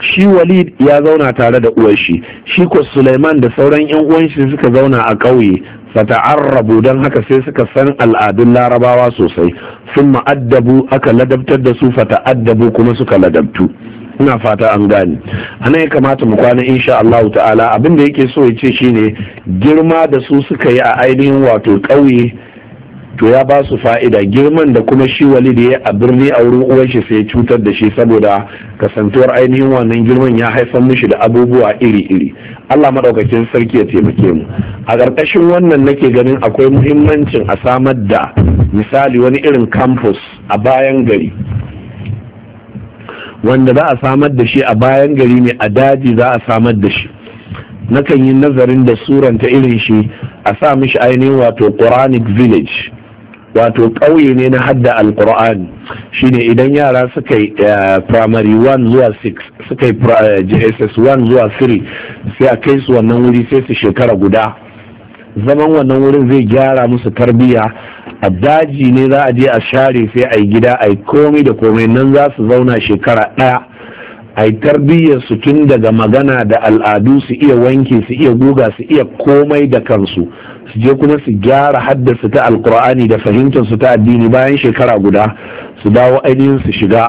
shi walid ya zauna tare da uwar shi shi ko Sulaiman da sauran yan uwan shi suka zauna a ƙauye fata'arrabu don haka sai suka san al'adun larabawa sosai sun ma'addabu aka ladabtar da su fata'addabu kuma suka ladabtu ina fata an gani anan ya kamata mu kwana insha Allah ta'ala abin da yake so ya ce shine girma da su suka yi a ainihin wato ƙauye to ya ba su fa'ida girman da kuma shi wali da ya a birni a wurin uwan shi sai cutar da shi saboda kasantuwar ainihin wannan girman ya haifar mishi da abubuwa iri-iri Allah maɗaukacin sarki ya taimake mu a ƙarƙashin wannan nake ganin akwai muhimmancin a samar da misali wani irin campus a bayan gari wanda za a samar da shi a bayan gari ne a daji za a samar da shi nakan yi nazarin da suranta irin shi a sa mishi ainihin wato quranic village wato ƙauye ne na hadda shi shine idan yara suka yi eh, primary 1 zuwa 6 suka yi eh, jss 1 zuwa 3 sai a kai su wannan wuri sai su shekara guda zaman wannan wurin zai gyara musu tarbiyya a daji ne za a je a share sai a yi gida a yi komai da komai nan za su zauna shekara ɗaya a yi tarbiyyar su tun daga magana da al'adu su iya wanke su iya guga su iya komai da kansu su je kuma su gyara haddasa ta alkur'ani da fahimtar ta addini bayan shekara guda su dawo ainihin su shiga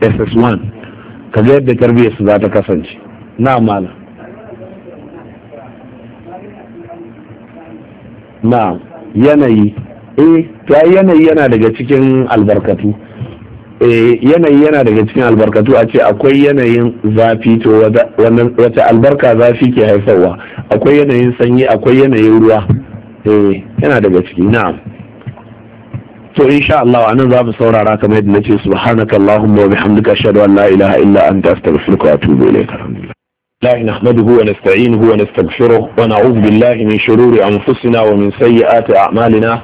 ss1 kaga yadda tarbiyyar su za ta kasance na malam na yanayi eh to ai yanayi yana daga cikin albarkatu eh, yanayi yana daga cikin albarkatu a ce akwai yanayin zafi to wata albarka zafi ke haifarwa akwai yanayin sanyi akwai yanayin ruwa eh, yana daga ciki na'am to insha Allah anan za mu saurara kamar yadda nace subhanakallahumma wa bihamdika ashhadu an la ilaha illa anta astaghfiruka wa atubu ilayk alhamdulillah الله نحمده ونستعينه ونستغفره ونعوذ بالله من شرور أنفسنا ومن سيئات أعمالنا